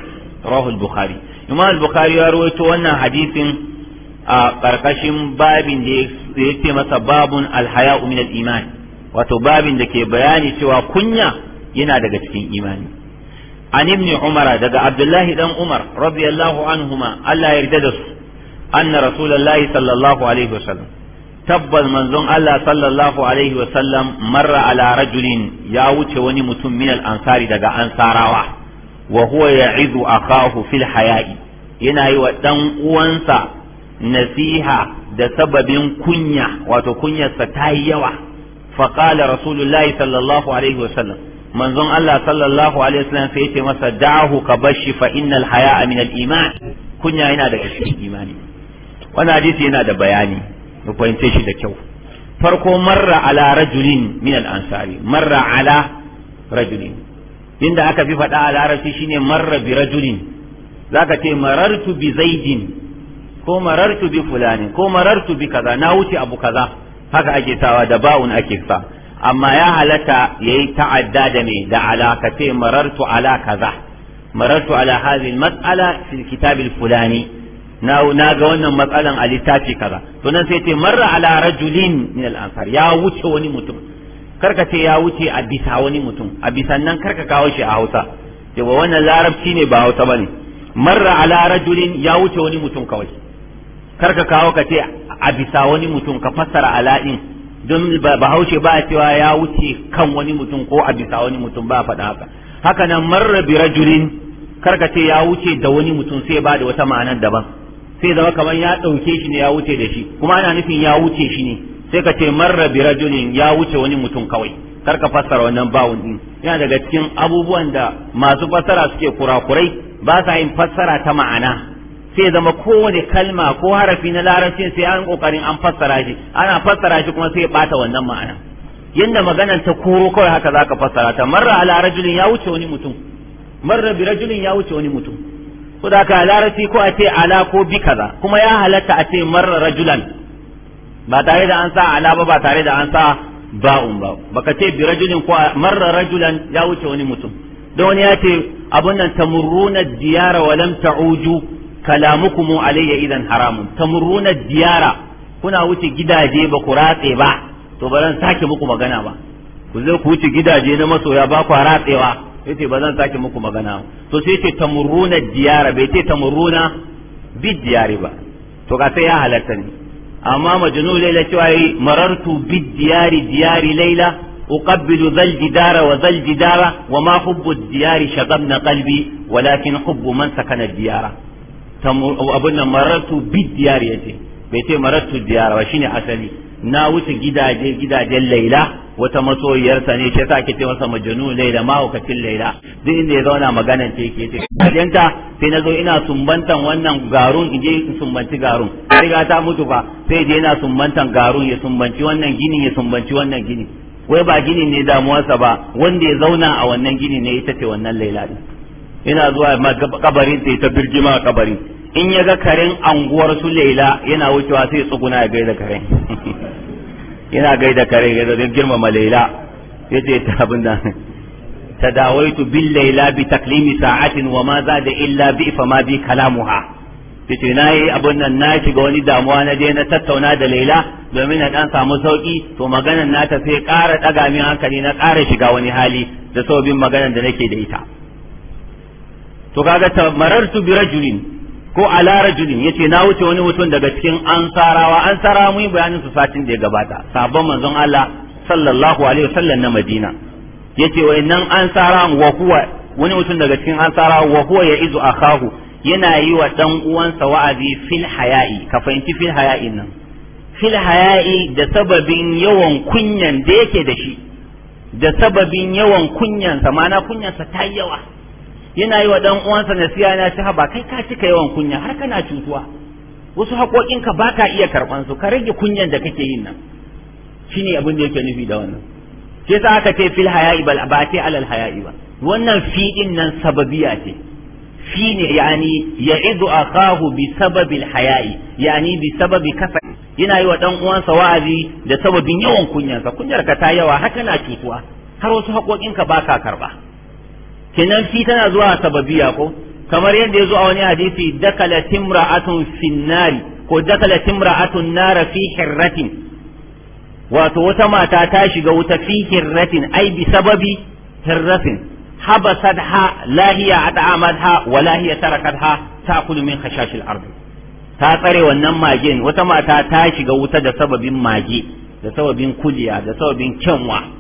رواه البخاري إمام البخاري يروي أن حديث قرقشم باب يكتي باب الحياء من الإيمان wato babin da ke bayani cewa kunya yana daga cikin imani an ibn umara daga abdullahi dan umar radiyallahu anhuma Allah ya yarda da su anna rasulullahi sallallahu alaihi wasallam tabbas manzon Allah sallallahu alaihi wasallam marra ala rajulin ya wuce wani mutum min ansari daga ansarawa wa huwa a akahu fil haya'i yana yi wa dan uwansa nasiha da sababin kunya wato kunyarsa ta yi yawa faqala rasulullahi sallallahu alaihi wasallam manzon Allah sallallahu alaihi wasallam sai yace masa da'ahu ka bashi fa innal haya'a min al-iman kunya yana daga cikin imani wannan hadisi yana da bayani ku fahimce shi da kyau farko marra ala rajulin min al-ansari marra ala rajulin inda aka fi faɗa a larabci shine marra bi rajulin zaka ce marartu bi zaidin ko marartu bi fulani ko marartu bi kaza na wuce abu kaza haka ake sawa da ba'un ake sa amma ya halatta yayi ta'adda da me da alaka ce marartu ala kaza marartu ala hadhihi mas'ala fil kitab al fulani na na ga wannan matsalan a littafi kaza to nan sai ce marra ala rajulin min al ansar ya wuce wani mutum karka ce ya wuce a bisa wani mutum a bisan nan karka kawo shi a Hausa ce wa wannan larabci ne ba Hausa bane marra ala rajulin ya wuce wani mutum kawai karka kawo ka ce a bisa wani mutum ka fassara ala'in don bahaushe ba a cewa ya wuce kan wani mutum ko a bisa wani mutum ba faɗa haka haka nan marra bi rajulin karka ce ya wuce da wani mutum sai ba da wata ma'anar daban sai zama kamar ya ɗauke shi ne ya wuce da shi kuma ana nufin ya wuce shi ne sai ka ce marra bi rajulin ya wuce wani mutum kawai karka fassara wannan bawun din yana daga cikin abubuwan da masu fassara suke kurakurai ba sa yin fassara ta ma'ana sai zama kowane kalma ko harafi na larabci sai an kokarin an fassara shi ana fassara shi kuma sai ya bata wannan ma'ana yanda maganar ta koro kawai haka zaka fassara ta marra ala rajulin ya wuce wani mutum marra bi rajulin ya wuce wani mutum ko da ka larabci ko a ce ala ko bi kaza kuma ya halatta a ce marra rajulan ba tare da an sa ala ba ba tare da an sa ba'un ba baka ce bi rajulin ko marra rajulan ya wuce wani mutum don wani ya ce abun nan tamurruna diyara wa lam ta'uju kalamukumu alayya idan haramun tamuruna diyara kuna wuce gidaje ba ku ratse ba to ba zan sake muku magana ba ku zo ku wuce gidaje na masoya ba ku ratsewa yace ba zan sake muku magana to sai ce tamuruna diyara bai ce tamuruna bi diyari ba to ga sai ya halatta ne amma majnu laila cewa yi marartu bi diyari diyari laila أقبل ذا الجدار وذا الجدار وما حب الديار شغبن قلبي ولكن حب من سكن الديار abin nan marartu bi diyar yace bai ce maratu diyar ba shine asali na wuce gidaje gidajen laila wata masoyiyarsa ne shi sa ke ce masa majanu laila mahaukacin laila duk inda ya zauna magana ce ke ce ajenta sai na zo ina sumbantan wannan garun in je in sumbanci garun riga ta mutu fa sai je ina sumbantan garun ya sumbanci wannan gini ya sumbanci wannan gini wai ba gini ne damuwarsa ba wanda ya zauna a wannan gini ne ita ce wannan laila din ina zuwa ma kabarin sai ta birgima a kabari in yaga ga karen anguwar su Laila yana wucewa sai tsuguna ya gaida karen *laughs* yana gaida karen ya zai girmama Laila yace ta abin da *laughs* dawaitu bil Laila bi taklimi sa'atin wa ma za da illa bi fa ma bi kalamuha yace na yi abin nan na shiga wani damuwa na je na tattauna da Laila domin na dan samu sauki to maganar nata sai ƙara daga min hankali na ƙara shiga wani hali da sabbin maganar da nake da ita to kaga marartu bi rajulin ko ala rajulin yace na wuce wani mutum daga cikin ansarawa ansarawa mun bayanin su satin da ya gabata sabon manzon Allah sallallahu alaihi wasallam na Madina yace nan ansarawa wa huwa wani mutum daga cikin ansarawa wa huwa ya izu akahu yana yi wa dan uwansa wa'azi fil haya'i ka fahimci fil haya'in nan fil haya'i da sababin yawan kunyan da yake da shi da sababin yawan kunyansa mana kunyansa ta yawa yana yi wa dan uwansa nasiya na ci haba kai ka cika yawan kunya har kana cutuwa wasu haƙoƙinka ba ka iya karɓan su ka rage kunyan da kake yin nan shine abin da yake nufi da wannan shi yasa aka ce fil haya'i bal ba ce alal haya'i ba wannan fi din nan sababiya ce fi ne yani ya'idu akahu bi sababil haya'i yani bi sababi kafa yana yi wa dan uwansa wa'azi da sababin yawan kunyansa kunyar ka ta yawa haka na cutuwa har wasu haƙoƙinka ba ka karɓa kenan fi tana zuwa sababiya ko kamar yadda ya zo a wani hadisi dakala timra'atun finnari ko dakala timra'atun nara fi hirratin wato wata mata ta shiga wuta fi hirratin ai bi sababi hirratin habasatha lahiya ha wa lahiya ha ta'kulu min khashashil ard ta tsare wannan magen wata mata ta shiga wuta da sababin mage da sababin kuliya da sababin kyanwa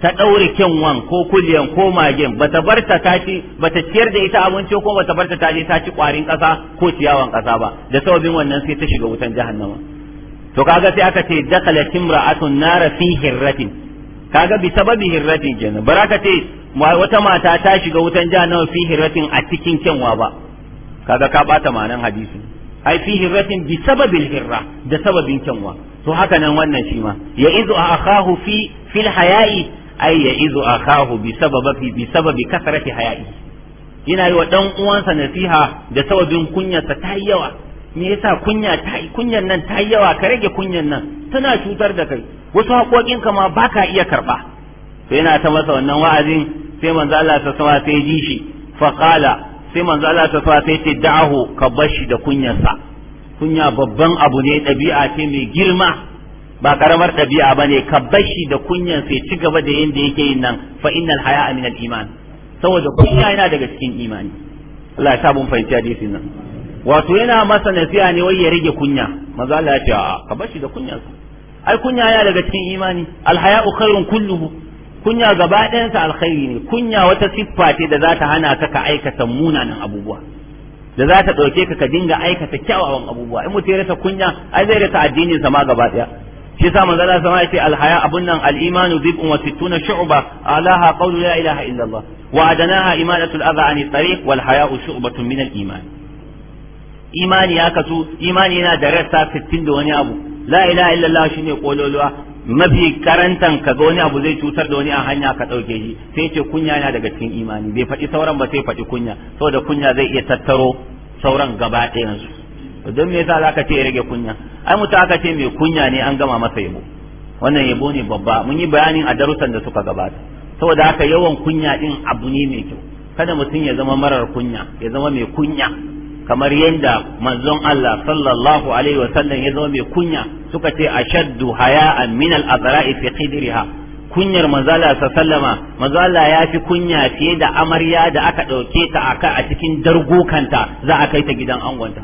ta ɗaure kyanwan ko kuliyan ko magen ba ta barta ta ba ta ciyar da ita abinci ko ba ta barta ta je ta ci ƙwarin ƙasa ko ciyawan ƙasa ba da sababin wannan sai ta shiga wutan jahannama to kaga sai aka ce dakala timra'atun nara fi hirratin kaga bi sababi hirratin kenan baraka ce wata mata ta shiga wutan jahannama fi hirratin a cikin kyanwa ba kaga ka bata ma'anan hadisi ai fi hirratin bi sababil hirra da sababin kyanwa to haka nan wannan shi ma ya izu a akahu fi fil hayai ai ya izu akahu bi sababi bi sababi kasarati haya'i yana yi wa dan uwansa nasiha da sababin kunyarsa ta yi yawa me yasa kunya ta kunyan nan ta yi yawa ka rage kunyan nan tana cutar da kai wasu ka ma baka iya karɓa to yana ta masa wannan wa'azin sai manzo Allah ta sama sai ji shi fa qala sai manzo Allah ta sama sai ce da'ahu ka bashi da kunyarsa kunya babban abu ne ɗabi'a ce mai girma ba karamar ɗabi'a ba ne ka bashi da kunyan sai ci gaba da yadda yake yin nan fa innal haya min al iman saboda kunya yana daga cikin imani Allah ya sa mun fahimci hadisin nan wato yana masa nasiha ne wai ya rage kunya manzo Allah ya ce a ka bashi da kunya ai kunya yana daga cikin imani al haya'u khairun kulluhu kunya gaba ɗayansa alkhairi ne kunya wata siffa ce da za ta hana ka ka aikata munanan abubuwa da za ta ɗauke ka ka dinga aikata kyawawan abubuwa in mutum ya rasa kunya ai zai rasa addininsa ma gaba ɗaya shi yasa manzo Allah sama yace alhaya abun nan al-imanu bid'un wa sittuna shu'ba alaha qawlu la ilaha illa Allah wa adanaha imanatu al-adha 'ani tariq wal haya'u shu'batun min al-iman imani ya kasu imani yana da rassa 60 da wani abu la ilaha illa Allah shine kololuwa mafi karantan ka ga wani abu zai cutar da wani a hanya ka dauke shi sai ce kunya yana daga cikin imani bai faɗi sauran ba sai faɗi kunya saboda kunya zai iya tattaro sauran gaba su. don me yasa zaka ce ya rage kunya ai mutum aka ce mai kunya ne an gama masa yabo wannan yabo ne babba mun yi bayanin a darussan da suka gabata saboda haka yawan kunya din abu ne mai kyau kada mutum ya zama marar kunya ya zama mai kunya kamar yadda manzon Allah sallallahu alaihi wa sallam ya zama mai kunya suka ce ashaddu haya'an min al-azra'i fi qidriha kunyar manzala sallama manzala ya fi kunya fiye da amarya da aka ɗauke ta aka a cikin dargokanta za a kai ta gidan angonta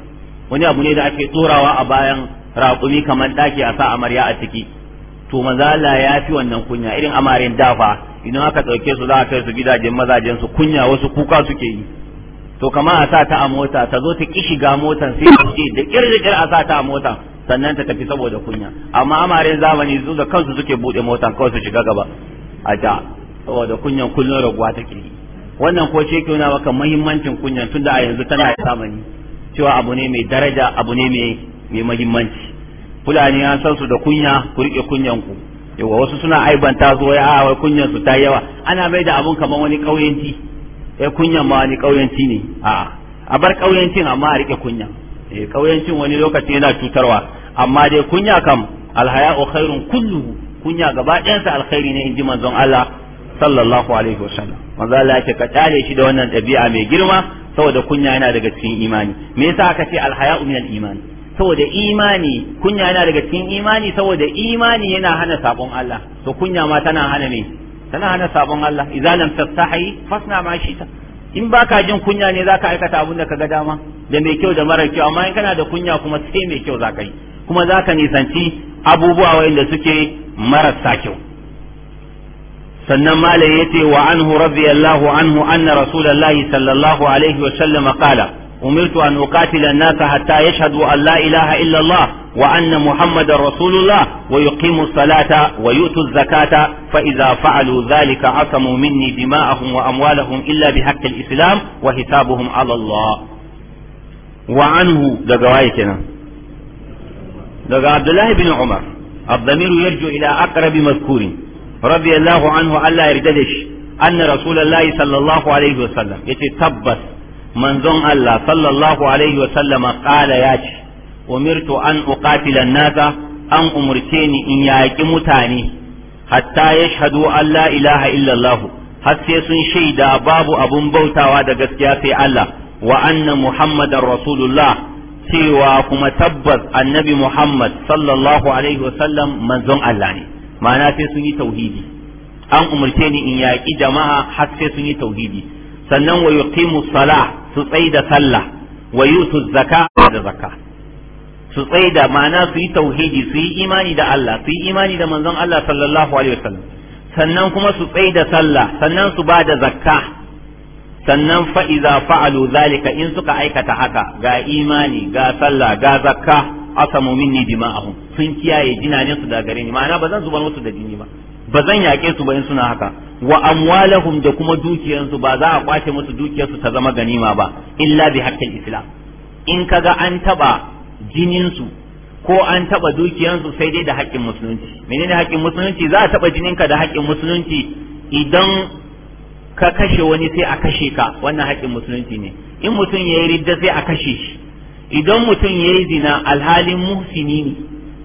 wani abu ne da ake tsorawa a bayan raƙumi kamar ɗaki a sa amarya a ciki to maza la ya fi wannan kunya irin amarin dafa idan aka ɗauke su za a kai su gidajen mazajen su kunya wasu kuka suke yi to kama a sa ta a mota ta zo ta ki shiga motan sai ta ce da kirkir a sa ta a mota sannan ta tafi saboda kunya amma amarin zamani su da kansu suke buɗe motan kawai su shiga gaba a ta saboda kunyan kullum raguwa take yi wannan ko ce ke nuna maka muhimmancin kunyan tunda a yanzu tana zamani cewa abu ne mai daraja abu ne mai mahimmanci muhimmanci fulani ya san su da kunya ku rike kunyan ku yawa wasu suna aibanta zo ya awa kunyan su ta yawa ana mai da abun kaman wani ƙauyenci eh kunyan ma wani ƙauyenci ne a a bar kauyancin amma a rike kunya eh kauyancin wani lokaci yana cutarwa amma dai kunya kam alhaya'u khairun kullu kunya gaba ɗayansa alkhairi ne inji manzon Allah sallallahu alaihi wasallam manzo Allah ya ce ka tare shi da wannan ɗabi'a mai girma saboda kunya yana daga cikin imani me yasa aka ce alhaya'u min al-iman saboda imani kunya yana daga cikin imani saboda imani yana hana sabon Allah to kunya ma tana hana me tana hana sabon Allah idza lam tastahi fasna ma shita in baka jin kunya ne zaka aikata abin da kaga dama da mai kyau da mara kyau amma in kana da kunya kuma sai mai kyau zaka yi kuma zaka nisanci abubuwa wanda suke marasa kyau sannan malam yace wa anhu radiyallahu anhu anna rasulullahi sallallahu alaihi wa sallam qala umirtu an uqatila an-nasa hatta yashhadu an la ilaha illa Allah wa anna muhammadar rasulullah wa yuqimu as-salata wa yutu az-zakata fa idza fa'alu dhalika asamu minni dima'ahum wa amwalahum illa bihaqqi al-islam wa hisabuhum 'ala Allah wa anhu daga waye kenan daga Abdullahi bin Umar الضمير يرجع إلى أقرب مذكور radiyallahu anhu Allah yarda da shi anna rasulullahi sallallahu alaihi wasallam yace tabbas manzon Allah sallallahu alaihi wasallam qala ya ce umirtu an uqatila nasa an umarce ni in yaƙi mutane hatta ya an Allah ilaha illallah har sun shaida babu abun bautawa da gaskiya sai Allah wa anna muhammadar rasulullah cewa kuma tabbas annabi muhammad sallallahu alaihi wasallam manzon Allah ne ma'ana sai sun yi tauhidi an umarce ni in yaƙi jama'a har sai sun yi tauhidi sannan wa yuqimu salah su tsaida sallah wa yutu zaka da zakka su tsaida ma'ana su yi tauhidi su yi imani da Allah su yi imani da manzon Allah sallallahu alaihi wasallam sannan kuma su da sallah sannan su ba da zakka sannan fa'iza fa'alu zalika in suka aikata haka ga imani ga sallah ga zakka asamu minni dima'ahum sun kiyaye jinanen su da gare ni ma'ana ba zan zubar musu da jini ba ba zan yaƙe su ba in suna haka wa amwalahum da kuma dukiyansu ba za a kwace musu dukiyarsu ta zama ganima ba illa bi haqqil islam in kaga an taba jinin su ko an taba dukiyansu sai dai da haƙƙin musulunci menene haƙƙin musulunci za a taba jininka da haƙƙin musulunci idan ka kashe wani sai a kashe ka wannan haƙƙin musulunci ne in mutum yayi ridda sai a kashe shi idan mutum ya yi zina alhalin muhsini ne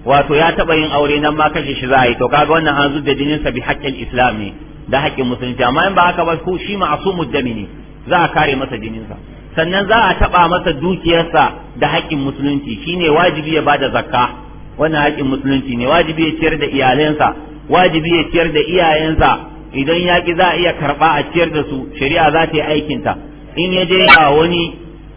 wato ya taɓa yin aure nan ma kashe shi za a yi to kaga wannan an zub da jininsa bi haƙƙin islam ne da haƙƙin musulunci amma in ba haka ba shi ma'asumud dami ne za a kare masa jininsa sannan za a taɓa masa dukiyarsa da haƙƙin musulunci shine wajibi ya bada zakka wannan haƙƙin musulunci ne wajibi ya ciyar da iyalansa wajibi ya ciyar da iyayensa idan yaƙi za a iya karɓa a ciyar da su shari'a za ta yi aikinta in ya je a wani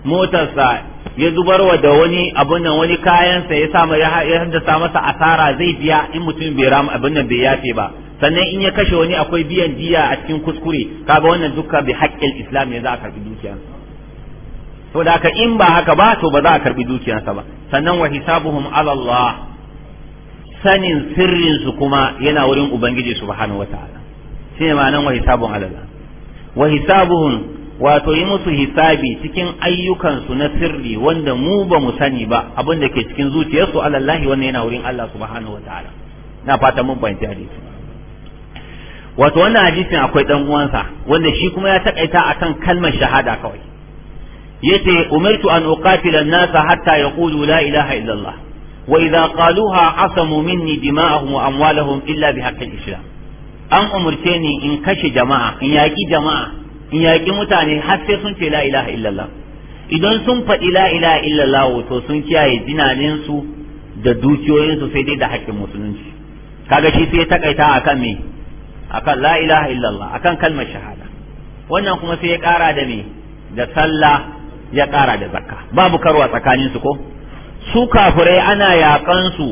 motarsa ya zubarwa da wani abun nan wani kayansa ya sama ya haddasa masa asara zai biya in mutum bai rama abun nan bai yafe ba sannan in ya kashe wani akwai biyan diya a cikin kuskure kaga wannan dukkan bi haƙƙin islam ne za a karbi dukiyarsa to da haka in ba haka ba to ba za a karbi dukiyarsa ba sannan wa hisabuhum ala Allah sanin sirrin su kuma yana wurin ubangiji subhanahu wataala shine ma'anan wa hisabun ala Allah wa hisabuhum wato yi musu hisabi cikin ayyukansu na sirri wanda mu ba mu sani ba abin da ke cikin zuciyarsu alallahi wannan yana wurin Allah subhanahu Ta'ala. na fata mun fahimci hadisi wato wannan hadisin akwai dan uwansa wanda shi kuma ya takaita akan kalmar shahada kawai yace umirtu an uqatila an-nasa hatta yaqulu la ilaha illallah wa idza qaluha asamu minni dima'ahum wa amwalahum illa bihaqqil islam an umurce ni in kashe jama'a in yaki jama'a in yaƙi mutane har sai sun ce la ilaha illallah idan sun faɗi la ilaha illallah to sun kiyaye dinaninsu da dukiyoyinsu sai dai da haƙƙin musulunci kaga shi sai ya takaita akan me akan la ilaha illallah akan kalmar shahada wannan kuma sai ya ƙara da me da sallah ya ƙara da zakka babu karwa tsakanin su ko su kafirai ana yaƙansu su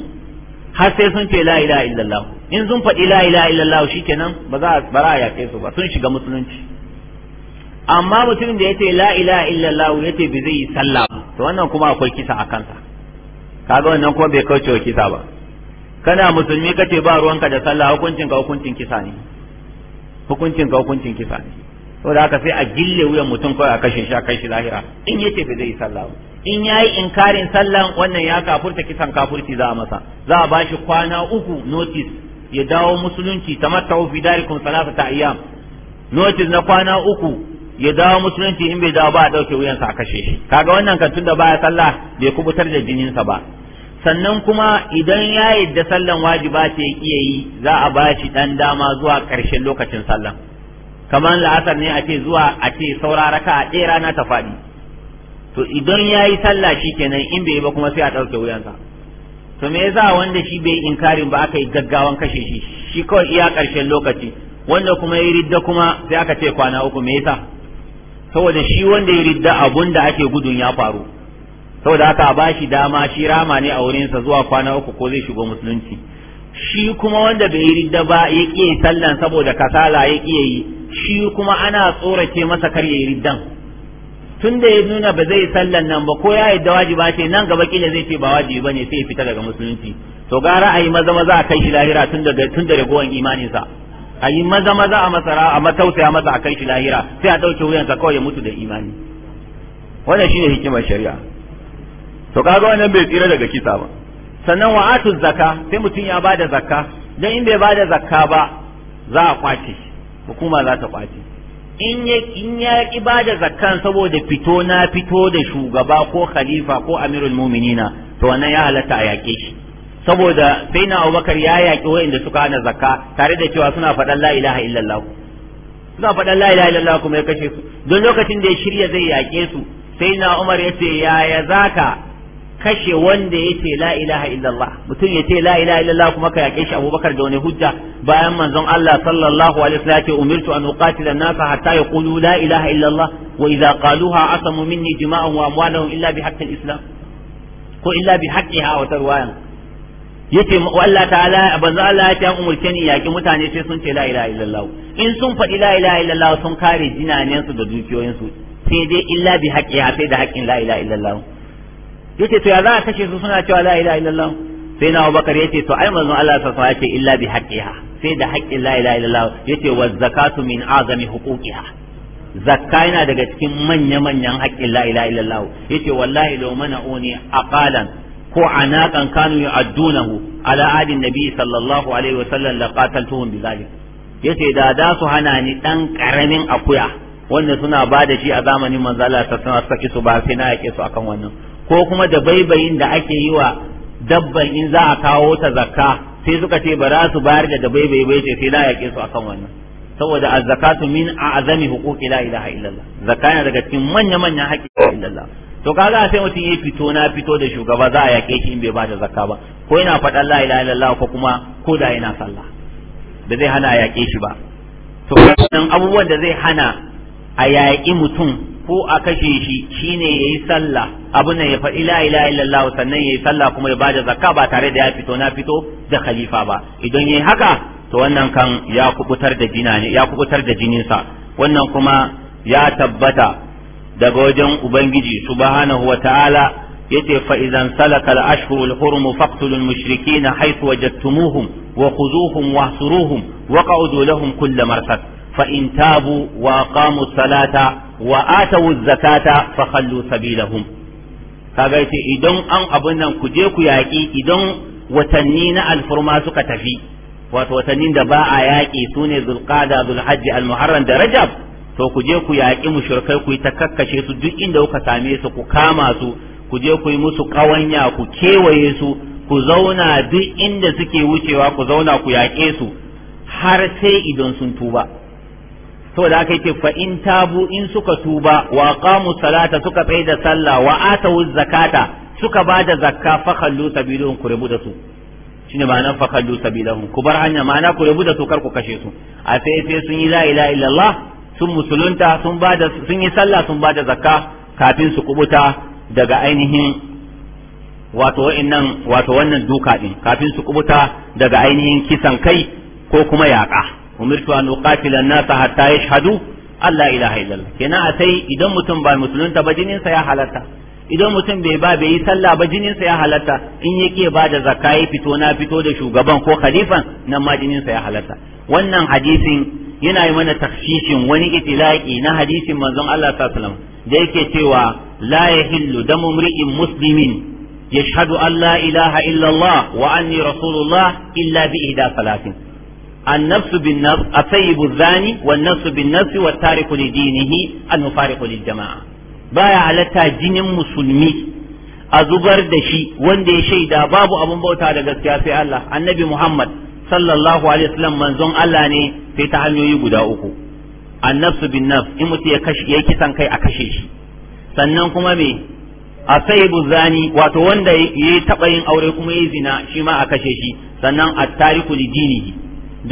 har sai sun ce la ilaha illallah in sun faɗi la ilaha illallah shikenan ba za a yaƙe su ba sun shiga musulunci amma mutumin da yace la ilaha illallah yace bi zai yi sallah to wannan kuma akwai kisa a kansa kaga wannan kuma bai kauce wa kisa ba kana musulmi kace ba ruwanka da sallah hukuncin ka hukuncin kisa ne hukuncin ka hukuncin kisa ne saboda haka sai a gille wuyan mutum kawai a kashe shi a kai shi lahira in yace bai zai yi sallah ba in yayi inkarin sallan wannan ya kafurta kisan kafurci za a masa za a bashi kwana uku notice ya dawo musulunci tamattahu fi darikum salasata ayyam notice na kwana uku ya dawo musulunci in bai dawo ba a ɗauke wuyansa a kashe shi kaga wannan kan da baya sallah bai kubutar da jininsa ba sannan kuma idan ya yadda sallan wajiba ce iya yi za a ba shi dan dama zuwa ƙarshen lokacin sallan kamar la'asar ne a ce zuwa a ce saura raka a ɗaya rana ta faɗi to idan ya yi sallah shi kenan in bai yi ba kuma sai a ɗauke wuyansa to me yasa wanda shi bai inkarin ba aka yi gaggawan kashe shi shi kawai iya ƙarshen lokaci wanda kuma ya ridda kuma sai aka ce kwana uku me yasa saboda shi wanda ya ridda abun da ake gudun ya faru saboda aka ba shi dama shi rama ne a wurin sa zuwa kwana uku ko zai shigo musulunci shi kuma wanda bai ridda ba ya ƙi sallan saboda kasala ya ƙi yi shi kuma ana tsorace masa kar ya riddan tun da ya nuna ba zai sallan nan ba ko ya yi yadda ba ce nan gaba kila zai ce ba wajibi ba ne sai ya fita daga musulunci to gara a yi maza maza a kai shi lahira tun da imanin imaninsa a yi maza maza a masara a matausaya masa a kai shi lahira sai a ɗauke wuyansa kawai ya mutu da imani wannan shine hikimar shari'a to kaga wannan bai tsira daga kisa ba sannan wa atu zakka sai mutum ya bada zakka dan in bai bada zakka ba za a kwace hukuma za ta kwace in ya in ya ki bada zakkan saboda fito na fito da shugaba ko khalifa ko amirul mu'minina to wannan ya halatta a yake shi saboda sai na abubakar ya yaƙi wa'inda suka hana zakka tare da cewa suna faɗan la ilaha illallah suna faɗan la ilaha illallah kuma ya kashe su don lokacin da ya shirya zai yaƙe su sai na umar ya ce yaya ka kashe wanda ya ce la ilaha illallah mutum ya ce la ilaha illallah kuma ka yaƙe shi abubakar da wani hujja bayan manzon Allah sallallahu alaihi wasallam ya ce umirtu an uqatila an-nasa hatta yaqulu la ilaha illallah wa idza qaluha asamu minni jima'an wa amwalahum illa bihaqqi al-islam ko illa bihaqqiha wa tarwayan yace Allah ta'ala banza Allah ya ta umurce ni yaki mutane sai sun ce la ilaha illallah in sun faɗi la ilaha illallah sun kare jinanen su da dukiyoyin su sai dai illa bi haqqi ya sai da haƙƙin la ilaha illallah yace to ya za a kashe su suna cewa la ilaha illallah sai na Abubakar yace to ai manzon Allah sa sa yace illa bi haqqiha sai da haƙƙin la ilaha illallah yace wa zakatu min azami huquqiha zakka yana daga cikin manya-manyan haƙƙin la ilaha illallah yace wallahi law mana'uni aqalan ko anaqan kanu yu'addunahu ala adin nabi sallallahu alaihi wasallam laqataltuhum bidhalik yace da da su hana ni dan karamin akuya wanda suna ba da shi a zamanin manzo Allah ta sanar saki su ba sai na yake su akan wannan ko kuma da baibayin da ake yi wa dabban in za a kawo ta zakka sai suka ce ba za su bayar da dabaibai bai ce sai na yake su akan wannan saboda azzakatu min a'zami huquqi la ilaha illallah zakka yana daga cikin manya manyan haƙƙi illallah to kaga sai mutum yi fito na fito da shugaba za a yake shi in bai bada zakka ba ko yana faɗan la ilaha illallah ko kuma ko da yana sallah da zai hana a yake shi ba to kan abubuwan da zai hana a yaƙi mutum ko a kashe shi shine yayi sallah abin nan ya faɗi la ilaha illallah sannan yayi sallah kuma ya bada zakka ba tare da ya fito na fito da khalifa ba idan yayi haka to wannan kan ya kubutar da jina ne ya kubutar da jininsa wannan kuma ya tabbata daga wajen ubangiji subhanahu wa ta'ala yace fa'izan salakal salaka al-ashhur al na faqtulu wa mushrikeena haythu wajadtumuhum wa khuzuhum wahsuruhum wa qa'udu lahum kull tabu wa aqamu salata wa atu zakata fa khallu sabilahum kaga yace idan an abin nan ku je ku yaƙi idan watanni na alfurma suka tafi wato watannin da ba a yaƙi sune zulqada zulhajji al-muharram da rajab to ku je ku yaƙi mushrikai ku yi ta kakkashe su duk inda kuka same su ku kama su ku je ku yi musu ƙawanya ku kewaye su ku zauna duk inda suke wucewa ku zauna ku yaƙe su har sai idan sun tuba saboda aka yi fa in tabu in suka tuba wa qamu salata suka tsaye da sallah wa atawu zakata suka ba da zakka fa khallu sabilahum ku da su shine ma'ana fa khallu sabilahum ku bar hanya ma'ana ku da su kar ku kashe su a sai sai sun yi la ilaha illallah sun musulunta sun bada sun yi sallah sun bada zakka kafin su kubuta daga ainihin wato wa'annan wato wannan duka din kafin su kubuta daga ainihin kisan kai ko kuma yaƙa umirtu an uqatila an-nasa hatta yashhadu alla ilaha illallah kenan a sai idan mutum ba musulunta ba jinin sa ya halatta idan mutum bai ba bai yi sallah ba jinin sa ya halatta in yake ba da zakka fito na fito da shugaban ko khalifan nan ma jinin sa ya halatta wannan hadisin yana yi mana tafsishin wani itilaki na hadisin manzon Allah sallallahu alaihi wasallam da yake cewa la yahillu damu mri'in muslimin yashhadu an la ilaha illa Allah wa anni rasulullah illa bi ihda salatin النفس بالنفس الطيب الزاني والنفس بالنفس والتارك لدينه المفارق للجماعة بايا على تاجين مسلمي أزبر دشي وان دي شيدا بابو أبو بوتا لغسكيا الله النبي محمد sallallahu alaihi wasallam manzon Allah ne sai ta hanyoyi guda uku annafsu bin nafs in mutum ya kashi ya kisan kai a kashe shi sannan kuma me asaibu zani wato wanda ya taba yin aure kuma ya zina shi ma a kashe shi sannan at-tariku li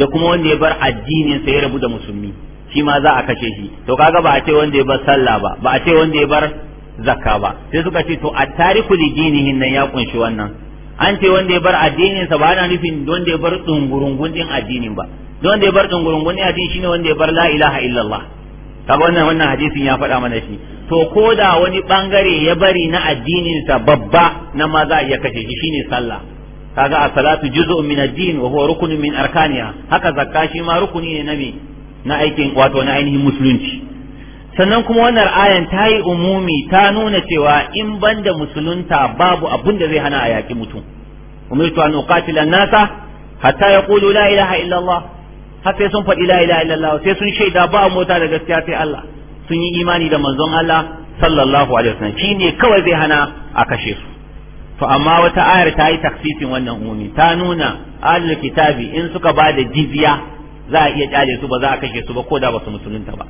da kuma wanda ya bar addinin sa ya rabu da musulmi shi ma za a kashe shi to kaga ba a ce wanda ya bar sallah ba ba a ce wanda ya bar zakka ba sai suka ce to at-tariku li nan ya kunshi wannan an ce wanda ya bar addinin sa ba ana nufin wanda ya bar dungurungun din addinin ba wanda ya bar dungurungun din addini shine wanda ya bar la ilaha illallah kaga wannan wannan hadisin ya faɗa mana shi to ko da wani bangare ya bari na addinin sa babba na ma ya kashe shi shine sallah kaga a salatu juz'un min ad-din wa huwa rukunun min arkaniha haka zakka shi ma rukuni ne na me na aikin wato na ainihin musulunci sannan kuma wannan ayan ta yi umumi ta nuna cewa in banda musulunta babu abin da zai hana a yaƙi mutum umirtu an uqatila nasa hatta yaqulu la ilaha illa Allah sun faɗi la ilaha illa sai sun shaida ba mota da gaskiya sai Allah sun yi imani da manzon Allah sallallahu alaihi wasallam shine kawai zai hana a kashe su to amma wata ayar ta yi taksisin wannan umumi ta nuna ahlul kitabi in suka ba da jibiya za a iya kyale su ba za a kashe su ba ko da basu su musulunta ba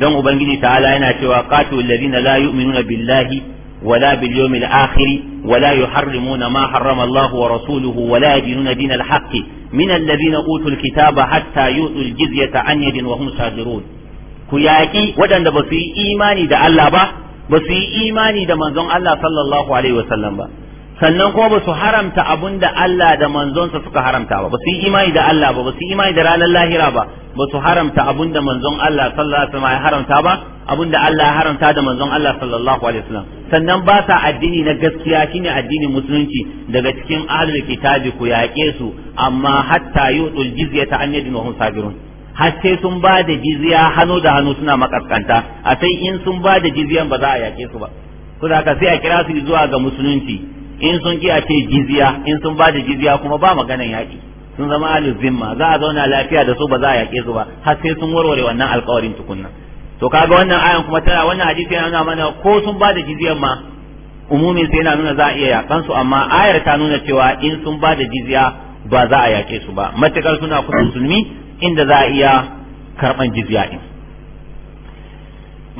don ubangiji ta'ala yana cewa qatul ladina la yu'minuna billahi ولا باليوم الآخر ولا يحرمون ما حرم الله ورسوله ولا يدينون دين الحق من الذين أوتوا الكتاب حتى يؤتوا الجزية عن يد وهم صاغرون كياكي ودن بسي إيماني دا الله با بسي إيماني دا منزون الله صلى الله عليه وسلم با sannan kuma ba su haramta abun da Allah da manzonsa suka haramta ba ba su yi imani da Allah ba ba su yi imani da ranar lahira ba ba su haramta abun da manzon Allah sallallahu alaihi wasallam ya haramta ba abun da Allah ya haramta da manzon Allah sallallahu alaihi wasallam sannan ba sa addini na gaskiya shine addinin musulunci daga cikin ahlul kitabi ku yaƙe su amma hatta yutul jizyata an yadin wa hum sabirun har sai sun ba da jizya hannu da hannu suna makaskanta a sai in sun ba da jizyan ba za a yaƙe su ba saboda haka sai a kira su zuwa ga musulunci in sun ki a ce jizya in sun ba da jizya kuma ba maganan yaƙi sun zama alu zimma za a zauna lafiya da su ba za a yaƙe su ba har sai sun warware wannan alƙawarin tukunna to kaga wannan ayan kuma tana wannan hadisi yana nuna mana ko sun ba da jizyan ma umumin sai yana nuna za a iya yaƙan su amma ayar ta nuna cewa in sun ba da jizya ba za a yaƙe su ba matakar suna kusa musulmi inda za a iya karɓan jizya din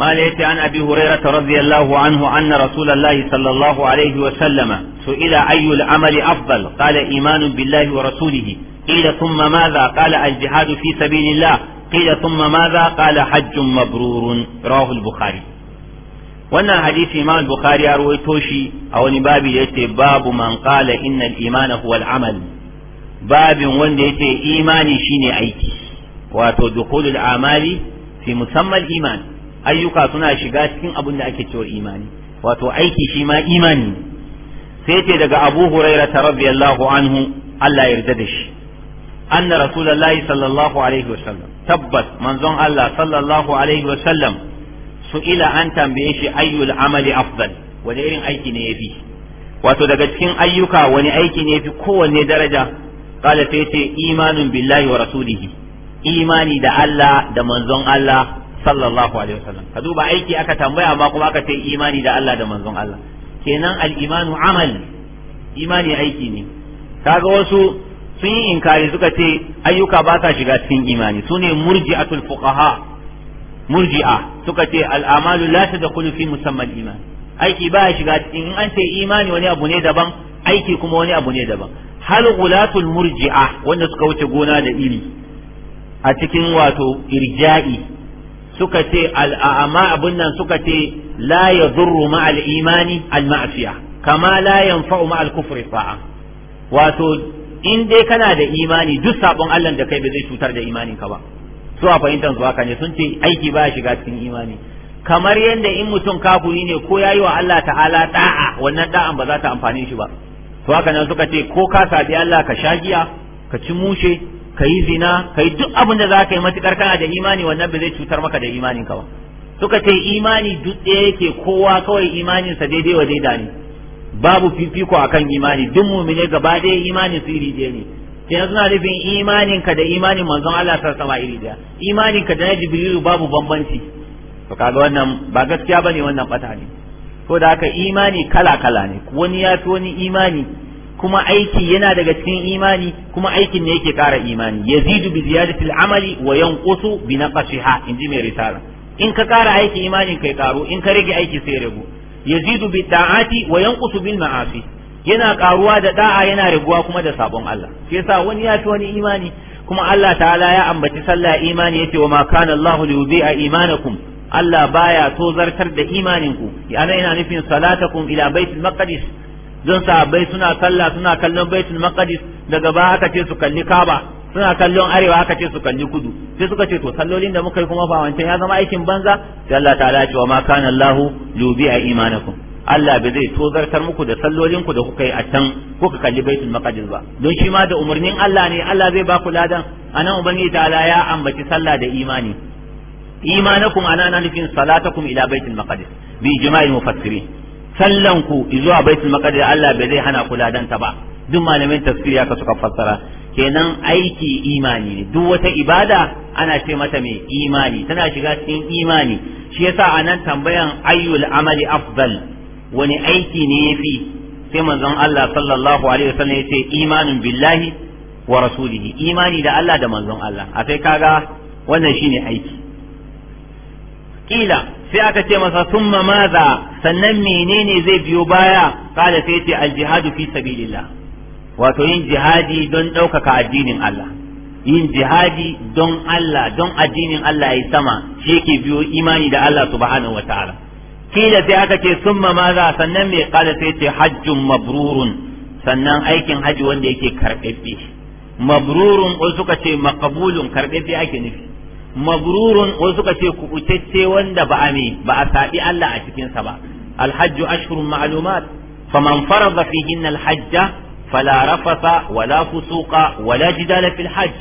ما ليت عن أبي هريرة رضي الله عنه أن رسول الله صلى الله عليه وسلم سئل أي العمل أفضل قال إيمان بالله ورسوله قيل ثم ماذا قال الجهاد في سبيل الله قيل ثم ماذا قال حج مبرور رواه البخاري wannan hadisi imam bukhari ya ruwaito shi a wani babi da yace babu man qala العمل باب huwa al-amal babin wanda yace imani shine aiki wato dukhulul amali fi iman ayyuka suna shiga cikin abin da ake cewa imani wato aiki shi ma imani sai ce daga abu huraira ta radiyallahu anhu Allah ya yarda da shi anna rasulullahi sallallahu alaihi wasallam tabbas manzon Allah sallallahu alaihi wasallam ila an tambaye shi ayyul amali afdal wani irin aiki ne yafi wato daga cikin ayyuka wani aiki ne yafi kowanne daraja qala sai ce imanun billahi wa rasulihi imani da Allah da manzon Allah sallallahu alaihi wasallam ka duba aiki aka tambaya amma kuma aka ce imani da Allah da manzon Allah kenan al-imanu amal imani aiki ne kaga wasu sun yi inkari suka ce ayyuka ba sa shiga cikin imani sune murji'atul fuqaha murji'a suka ce al-amalu la tadkhulu fi musamman iman aiki ba ya shiga cikin in an ce imani wani abu ne daban aiki kuma wani abu ne daban hal gulatul murji'a wanda suka wuce gona da iri a cikin wato irja'i suka ce al'ama abun nan suka ce la yadurru ma al-imani al-ma'siya kama la yanfa'u ma al-kufri fa'a wato in dai kana da imani duk sabon Allah da kai ba zai cutar da imanin ka ba su a fahimtar su haka ne sun ce aiki ba shiga cikin imani kamar yadda in mutum kafuri ne ko yayi wa Allah ta'ala da'a wannan da'an ba za ta amfane shi ba to haka nan suka ce ko ka sabi Allah ka shagiya ka ci mushe yi zina kai duk abin da zaka yi matukar kana da imani wannan ba zai cutar maka da imanin ka ba suka ce imani duk ɗaya yake kowa kawai imanin sa daidai wa daida ne babu fifiko akan imani duk mu'mine gaba ɗaya imanin su iri ɗaya ne kenan suna nufin imanin ka da imanin manzon Allah sallallahu sama iri ɗaya imanin ka da na jibrilu babu bambanci to kaga wannan ba gaskiya bane wannan bata ne ko da haka imani kala kala ne wani ya fi wani imani kuma aiki yana daga cikin imani kuma aikin ne yake ƙara imani yazidu bi ziyadati al-amali wa yanqusu bi naqsiha inji mai risala in ka ƙara aiki imanin kai ƙaro in ka rage aiki sai ragu yazidu bi da'ati wa yanqusu bil ma'asi yana ƙaruwa da da'a yana raguwa kuma da sabon Allah shi yasa wani ya fi wani imani kuma Allah ta'ala ya ambaci sallah imani yace wa ma kana Allahu li yudhi'a imanakum Allah baya tozartar da imaninku yana yana nufin salatakum ila baitul maqdis don sahabbai suna sallah suna kallon baitul maqdis daga ba aka ce su kalli kaba suna kallon arewa aka ce su kalli kudu sai suka ce to sallolin da muka yi kuma ba wancan ya zama aikin banza sai Allah ta'ala ce wa ma kana Allah lubi a imanakum Allah bai zai tozartar muku da sallolin ku da kuka yi a can kuka kalli baitul maqdis ba don shi ma da umarnin Allah ne Allah zai ba ku ladan anan ubangiji ta'ala ya ambaci sallah da imani imanakum ana nufin salatakum ila baitul maqdis bi jama'il mufassirin sallan ku zuwa baitul maqdis Allah bai zai hana ku ladanta ba duk malamin tafsiri ya suka fassara kenan aiki imani ne duk wata ibada ana ce mata mai imani tana shiga cikin imani shi yasa anan tambayan ayyul amali afdal wani aiki ne yafi sai manzon Allah sallallahu alaihi wasallam yace imanun billahi wa rasulihi imani da Allah da manzon Allah a kaga wannan shine aiki kila sai aka ce masa summa maza sannan menene zai biyo baya kada sai ce aljihadu fi sabilillah wato yin jihadi don ɗaukaka addinin Allah yin jihadi don Allah don addinin Allah ya sama shi yake biyo imani da Allah subhanahu wataala kila sai aka ce summa maza sannan me kada sai ce hajjun mabrurun sannan aikin haji wanda yake karɓaɓɓe mabrurun wasu suka ce makabulun karɓaɓɓe ake nufi mabrurun wasu suka ce kubutacce wanda ba a me ba a saɓi Allah a cikinsa ba alhajju ashhurun ma'lumat faman farada fihinna alhajja fala rafasa wala fusuqa wala jidala fil hajj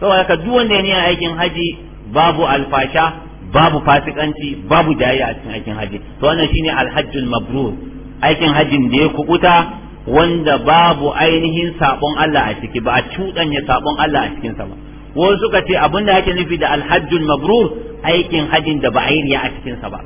saboda ka duk wanda yana aikin haji babu alfasha babu fasikanci babu jayayya a cikin aikin haji to wannan shine alhajjul mabrur aikin hajin da ya kubuta wanda babu ainihin sabon Allah a ciki ba a cuɗanya sabon Allah a cikinsa ba wani suka ce abin da ake nufi da alhajjul mabrur aikin hajin da ba a yi riya a cikinsa ba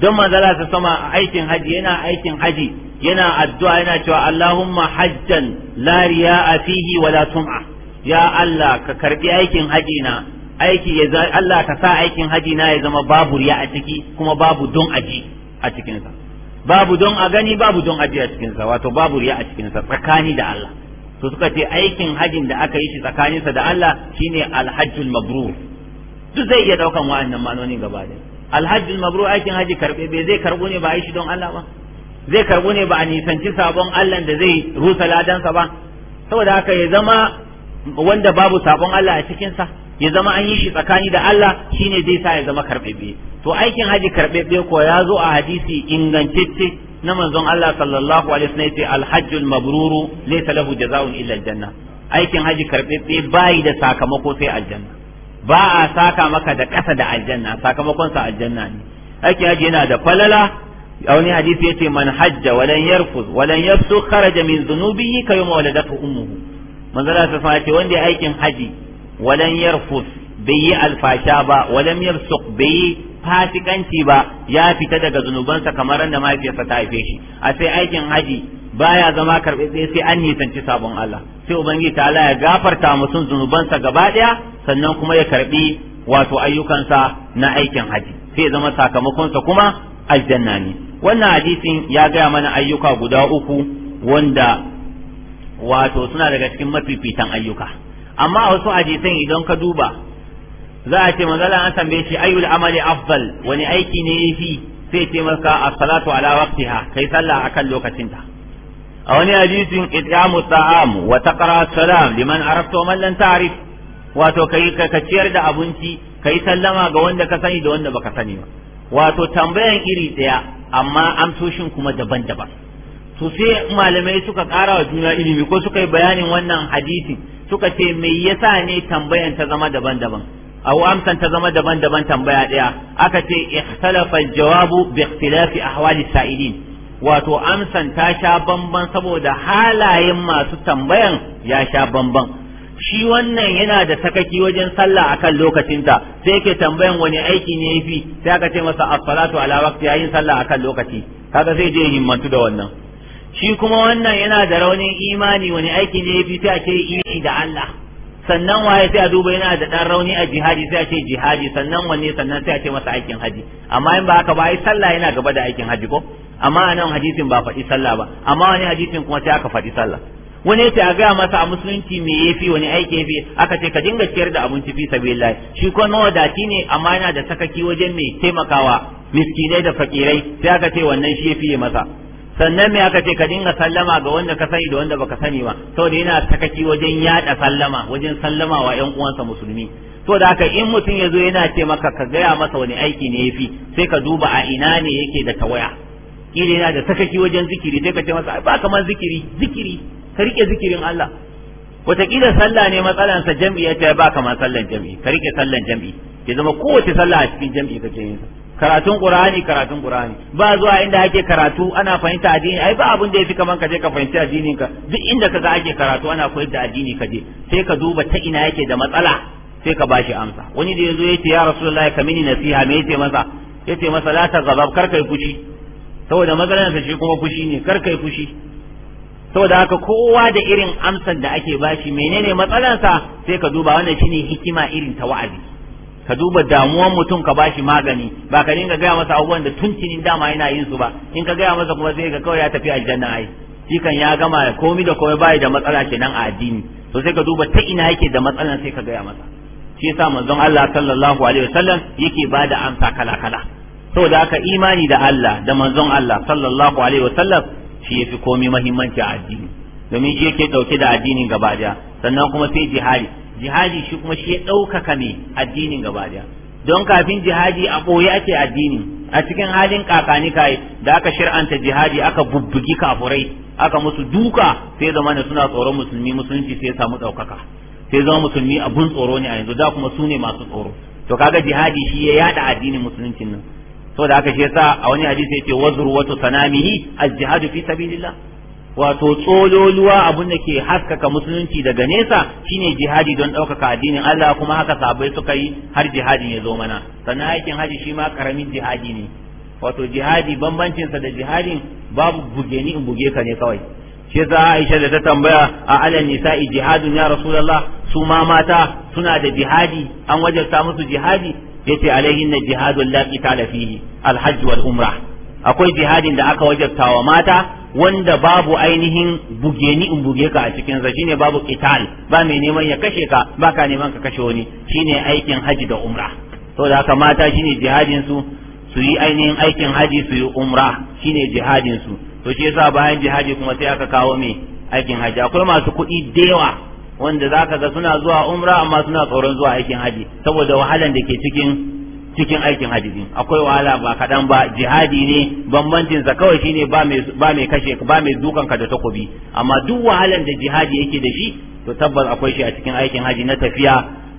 don manzala ta sama aikin haji yana aikin haji yana addu'a yana cewa Allahumma hajjan la riya'a fihi wa la tum'a ya Allah ka karbi aikin haji na aiki ya Allah ka sa aikin haji na ya zama babu riya a ciki kuma babu don aji a cikin sa babu don a gani babu don aji a cikin sa wato babu riya a cikin sa tsakani da Allah to suka ce aikin hajin da aka yi shi tsakaninsa da Allah shine alhajjul mabrur duk zai iya daukan wa'annan manoni gaba da alhajjul mabrur aikin haji karbe bai zai karbo ne ba a yi shi don Allah ba zai karbo ne ba a nisanci sabon Allah da zai rusa ladansa ba saboda haka ya zama wanda babu sabon Allah a cikinsa ya zama an yi shi tsakani da Allah shine zai sa ya zama karbebe to aikin haji karbebe ko ya zo a hadisi ingantacce na manzon Allah sallallahu alaihi wasallam yace alhajjul mabruru laysa lahu jazaa'un illa aljanna aikin haji karbebe bai da sakamako sai aljanna ba a saka maka da kasa da aljanna sakamakon sa aljanna ne aikin haji yana da falala a wani hadisi yace man hajja walan yarfuz walan yafsu kharaja min dhunubihi kayuma waladatu ummuhu manzon Allah sallallahu alaihi wanda aikin haji walan yarfuz bai yi alfasha ba walam yafsuq bai fasikanci ba ya fita daga zunubansa kamar da mahaifiyarsa ta haife shi a sai aikin haji baya zama karɓe sai sai an nisanci sabon Allah sai ubangiji ta ya gafarta mutum zunubansa gaba ɗaya sannan kuma ya karɓi wato ayyukansa na aikin haji sai zama sakamakonsa kuma aljanna ne wannan hadisin ya gaya mana ayyuka guda uku wanda wato suna daga cikin mafifitan ayyuka amma a wasu hadisan idan ka duba za a ce manzala an tambaye shi ayyul amali afdal wani aiki ne yafi sai ce maka as-salatu ala waqtiha kai sallah akan lokacinta a wani hadisin ityamu Sa'am wa taqra salam liman arafta man lan ta'rif wato kai ka ciyar da abinci kai sallama ga wanda ka sani da wanda baka sani ba wato tambayan iri daya amma amsoshin kuma daban-daban to sai malamai suka ƙara wa juna ilimi ko suka yi bayanin wannan hadisin suka ce me yasa ne tambayan ta zama daban-daban aw amsan ta zama daban-daban tambaya daya aka ce ikhtalafa jawabu bi a ahwali sa'ilin wato amsan ta sha bamban saboda halayen masu tambayan ya sha bamban shi wannan yana da sakaki wajen sallah akan lokacinta sai yake tambayan wani aiki ne yafi sai aka ce masa as-salatu ala waqti yayin sallah akan lokaci kaga sai je himmantu da wannan shi kuma wannan yana da raunin imani wani aiki ne yafi sai a ce da Allah sannan waye sai a duba yana da dan rauni a jihadi sai a ce jihadi sannan wanne sannan sai a ce masa aikin haji amma in ba haka ba ai sallah yana gaba da aikin haji ko amma a nan hadisin ba faɗi sallah ba amma wani hadisin kuma sai aka faɗi sallah wani sai a gaya masa a musulunci me yafi wani aiki yafi aka ce ka dinga ciyar da abinci fi sabilillah shi ko nawa dati ne amma yana da sakaki wajen mai taimakawa miskinai da fakirai sai aka ce wannan shi yafi masa sannan me aka ce ka dinga sallama ga wanda ka sani da wanda baka sani ba saboda yana takaki wajen yada sallama wajen sallama wa ƴan uwansa musulmi to da haka in mutum yazo yana ce maka ka gaya masa wani aiki ne yafi sai ka duba a ina ne yake da tawaya kila yana da takaki wajen zikiri sai ka ce masa ba kamar zikiri zikiri ka rike zikirin Allah wataƙila sallah ne matsalan sa ya ce ba kamar sallan jam'i ka rike sallan jam'i ya zama kowace sallah a cikin jam'i kake yin sa karatun qur'ani karatun qur'ani ba zuwa inda ake karatu ana fahimta addini ai ba abin da yafi kaman ka ka fahimci addinin ka duk inda ga ake karatu ana koyar da addini ka je sai ka duba ta ina yake da matsala sai ka bashi amsa wani da yazo yace ya rasulullahi kamini nasiha me yace masa yace masa la ta gazab kar kai fushi saboda matsalar sa shi kuma fushi ne kar kai fushi saboda haka kowa da irin amsar da ake bashi menene matsalarsa sai ka duba wannan shine hikima irin ta wa'azi ka duba damuwan mutum ka bashi magani ba ka dinga gaya masa abubuwan da tuntunin dama yana yin su ba in ka gaya masa kuma sai ga kawai ya tafi aljanna ai shi kan ya gama komi da komai bai da matsala kenan a addini to sai ka duba ta ina yake da matsala sai ka gaya masa shi yasa manzon Allah sallallahu alaihi wasallam yake da amsa kala kala saboda haka imani da Allah da manzon Allah sallallahu alaihi wasallam shi yafi komi muhimmanci a addini domin shi yake dauke da addinin gaba daya sannan kuma sai jihadi jihadi shi kuma shi ya ɗaukaka ne addinin gaba daya don kafin jihadi a ɓoye ake addini a cikin halin kakani kai da aka shir'anta jihadi aka bubbugi kafurai aka musu duka sai zama ne suna tsoron musulmi musulunci sai ya samu ɗaukaka sai zama musulmi abun tsoro ne a yanzu da kuma su ne masu tsoro to kaga jihadi shi ya yada addinin musuluncin nan saboda haka shi yasa a wani hadisi yace wazuru wato sanamihi al-jihadu fi sabilillah wato tsololuwa abun da ke haskaka musulunci daga nesa shine jihadi don ɗaukaka addinin Allah kuma haka sabai suka yi har jihadin ya zo mana sannan aikin haji shi ma karamin jihadi ne wato jihadi bambancinsa da jihadin babu buge ni in buge ka ne kawai shi za Aisha da ta tambaya a alal nisa'i jihadun ya rasulullah su ma mata suna da jihadi an wajabta musu jihadi yace alaihin jihadul la qitala fihi al wal umrah akwai jihadin da aka wajabta wa mata wanda babu ainihin buge ni in buge ka a cikin sa shine babu qital ba mai neman ya kashe ka ba ka neman ka kashe wani shine aikin haji da umra saboda haka mata shine jihadin su su yi ainihin aikin haji su yi umra shine jihadin su to shi yasa bayan jihadi kuma sai aka kawo mai aikin haji akwai masu kuɗi da yawa wanda zaka ga suna zuwa umra amma suna tsoron zuwa aikin haji saboda wahalan da ke cikin cikin aikin hajji akwai wahala ba kaɗan ba jihadi ne bambancin sa kawai shine ba mai ba mai kashe ba mai dukan ka da takobi amma duk wahalan da jihadi yake da shi to tabbas akwai shi a cikin aikin haji na tafiya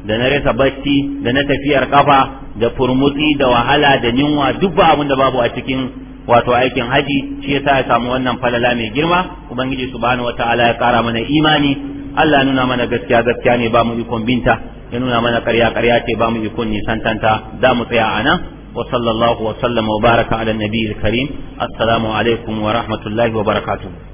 da na rasa bacci da na tafiyar kafa da furmutsi da wahala da ninwa duk ba abun da babu a cikin wato aikin haji shi yasa ya samu wannan falala mai girma ubangiji subhanahu wataala ya kara mana imani Allah nuna mana gaskiya gaskiya ne ba mu ikon binta ya nuna mana karya karya ce ba mu ikon nisantanta za mu tsaya a nan wa sallallahu wa sallama wa baraka ala nabiyil karim assalamu alaikum wa rahmatullahi wa barakatuh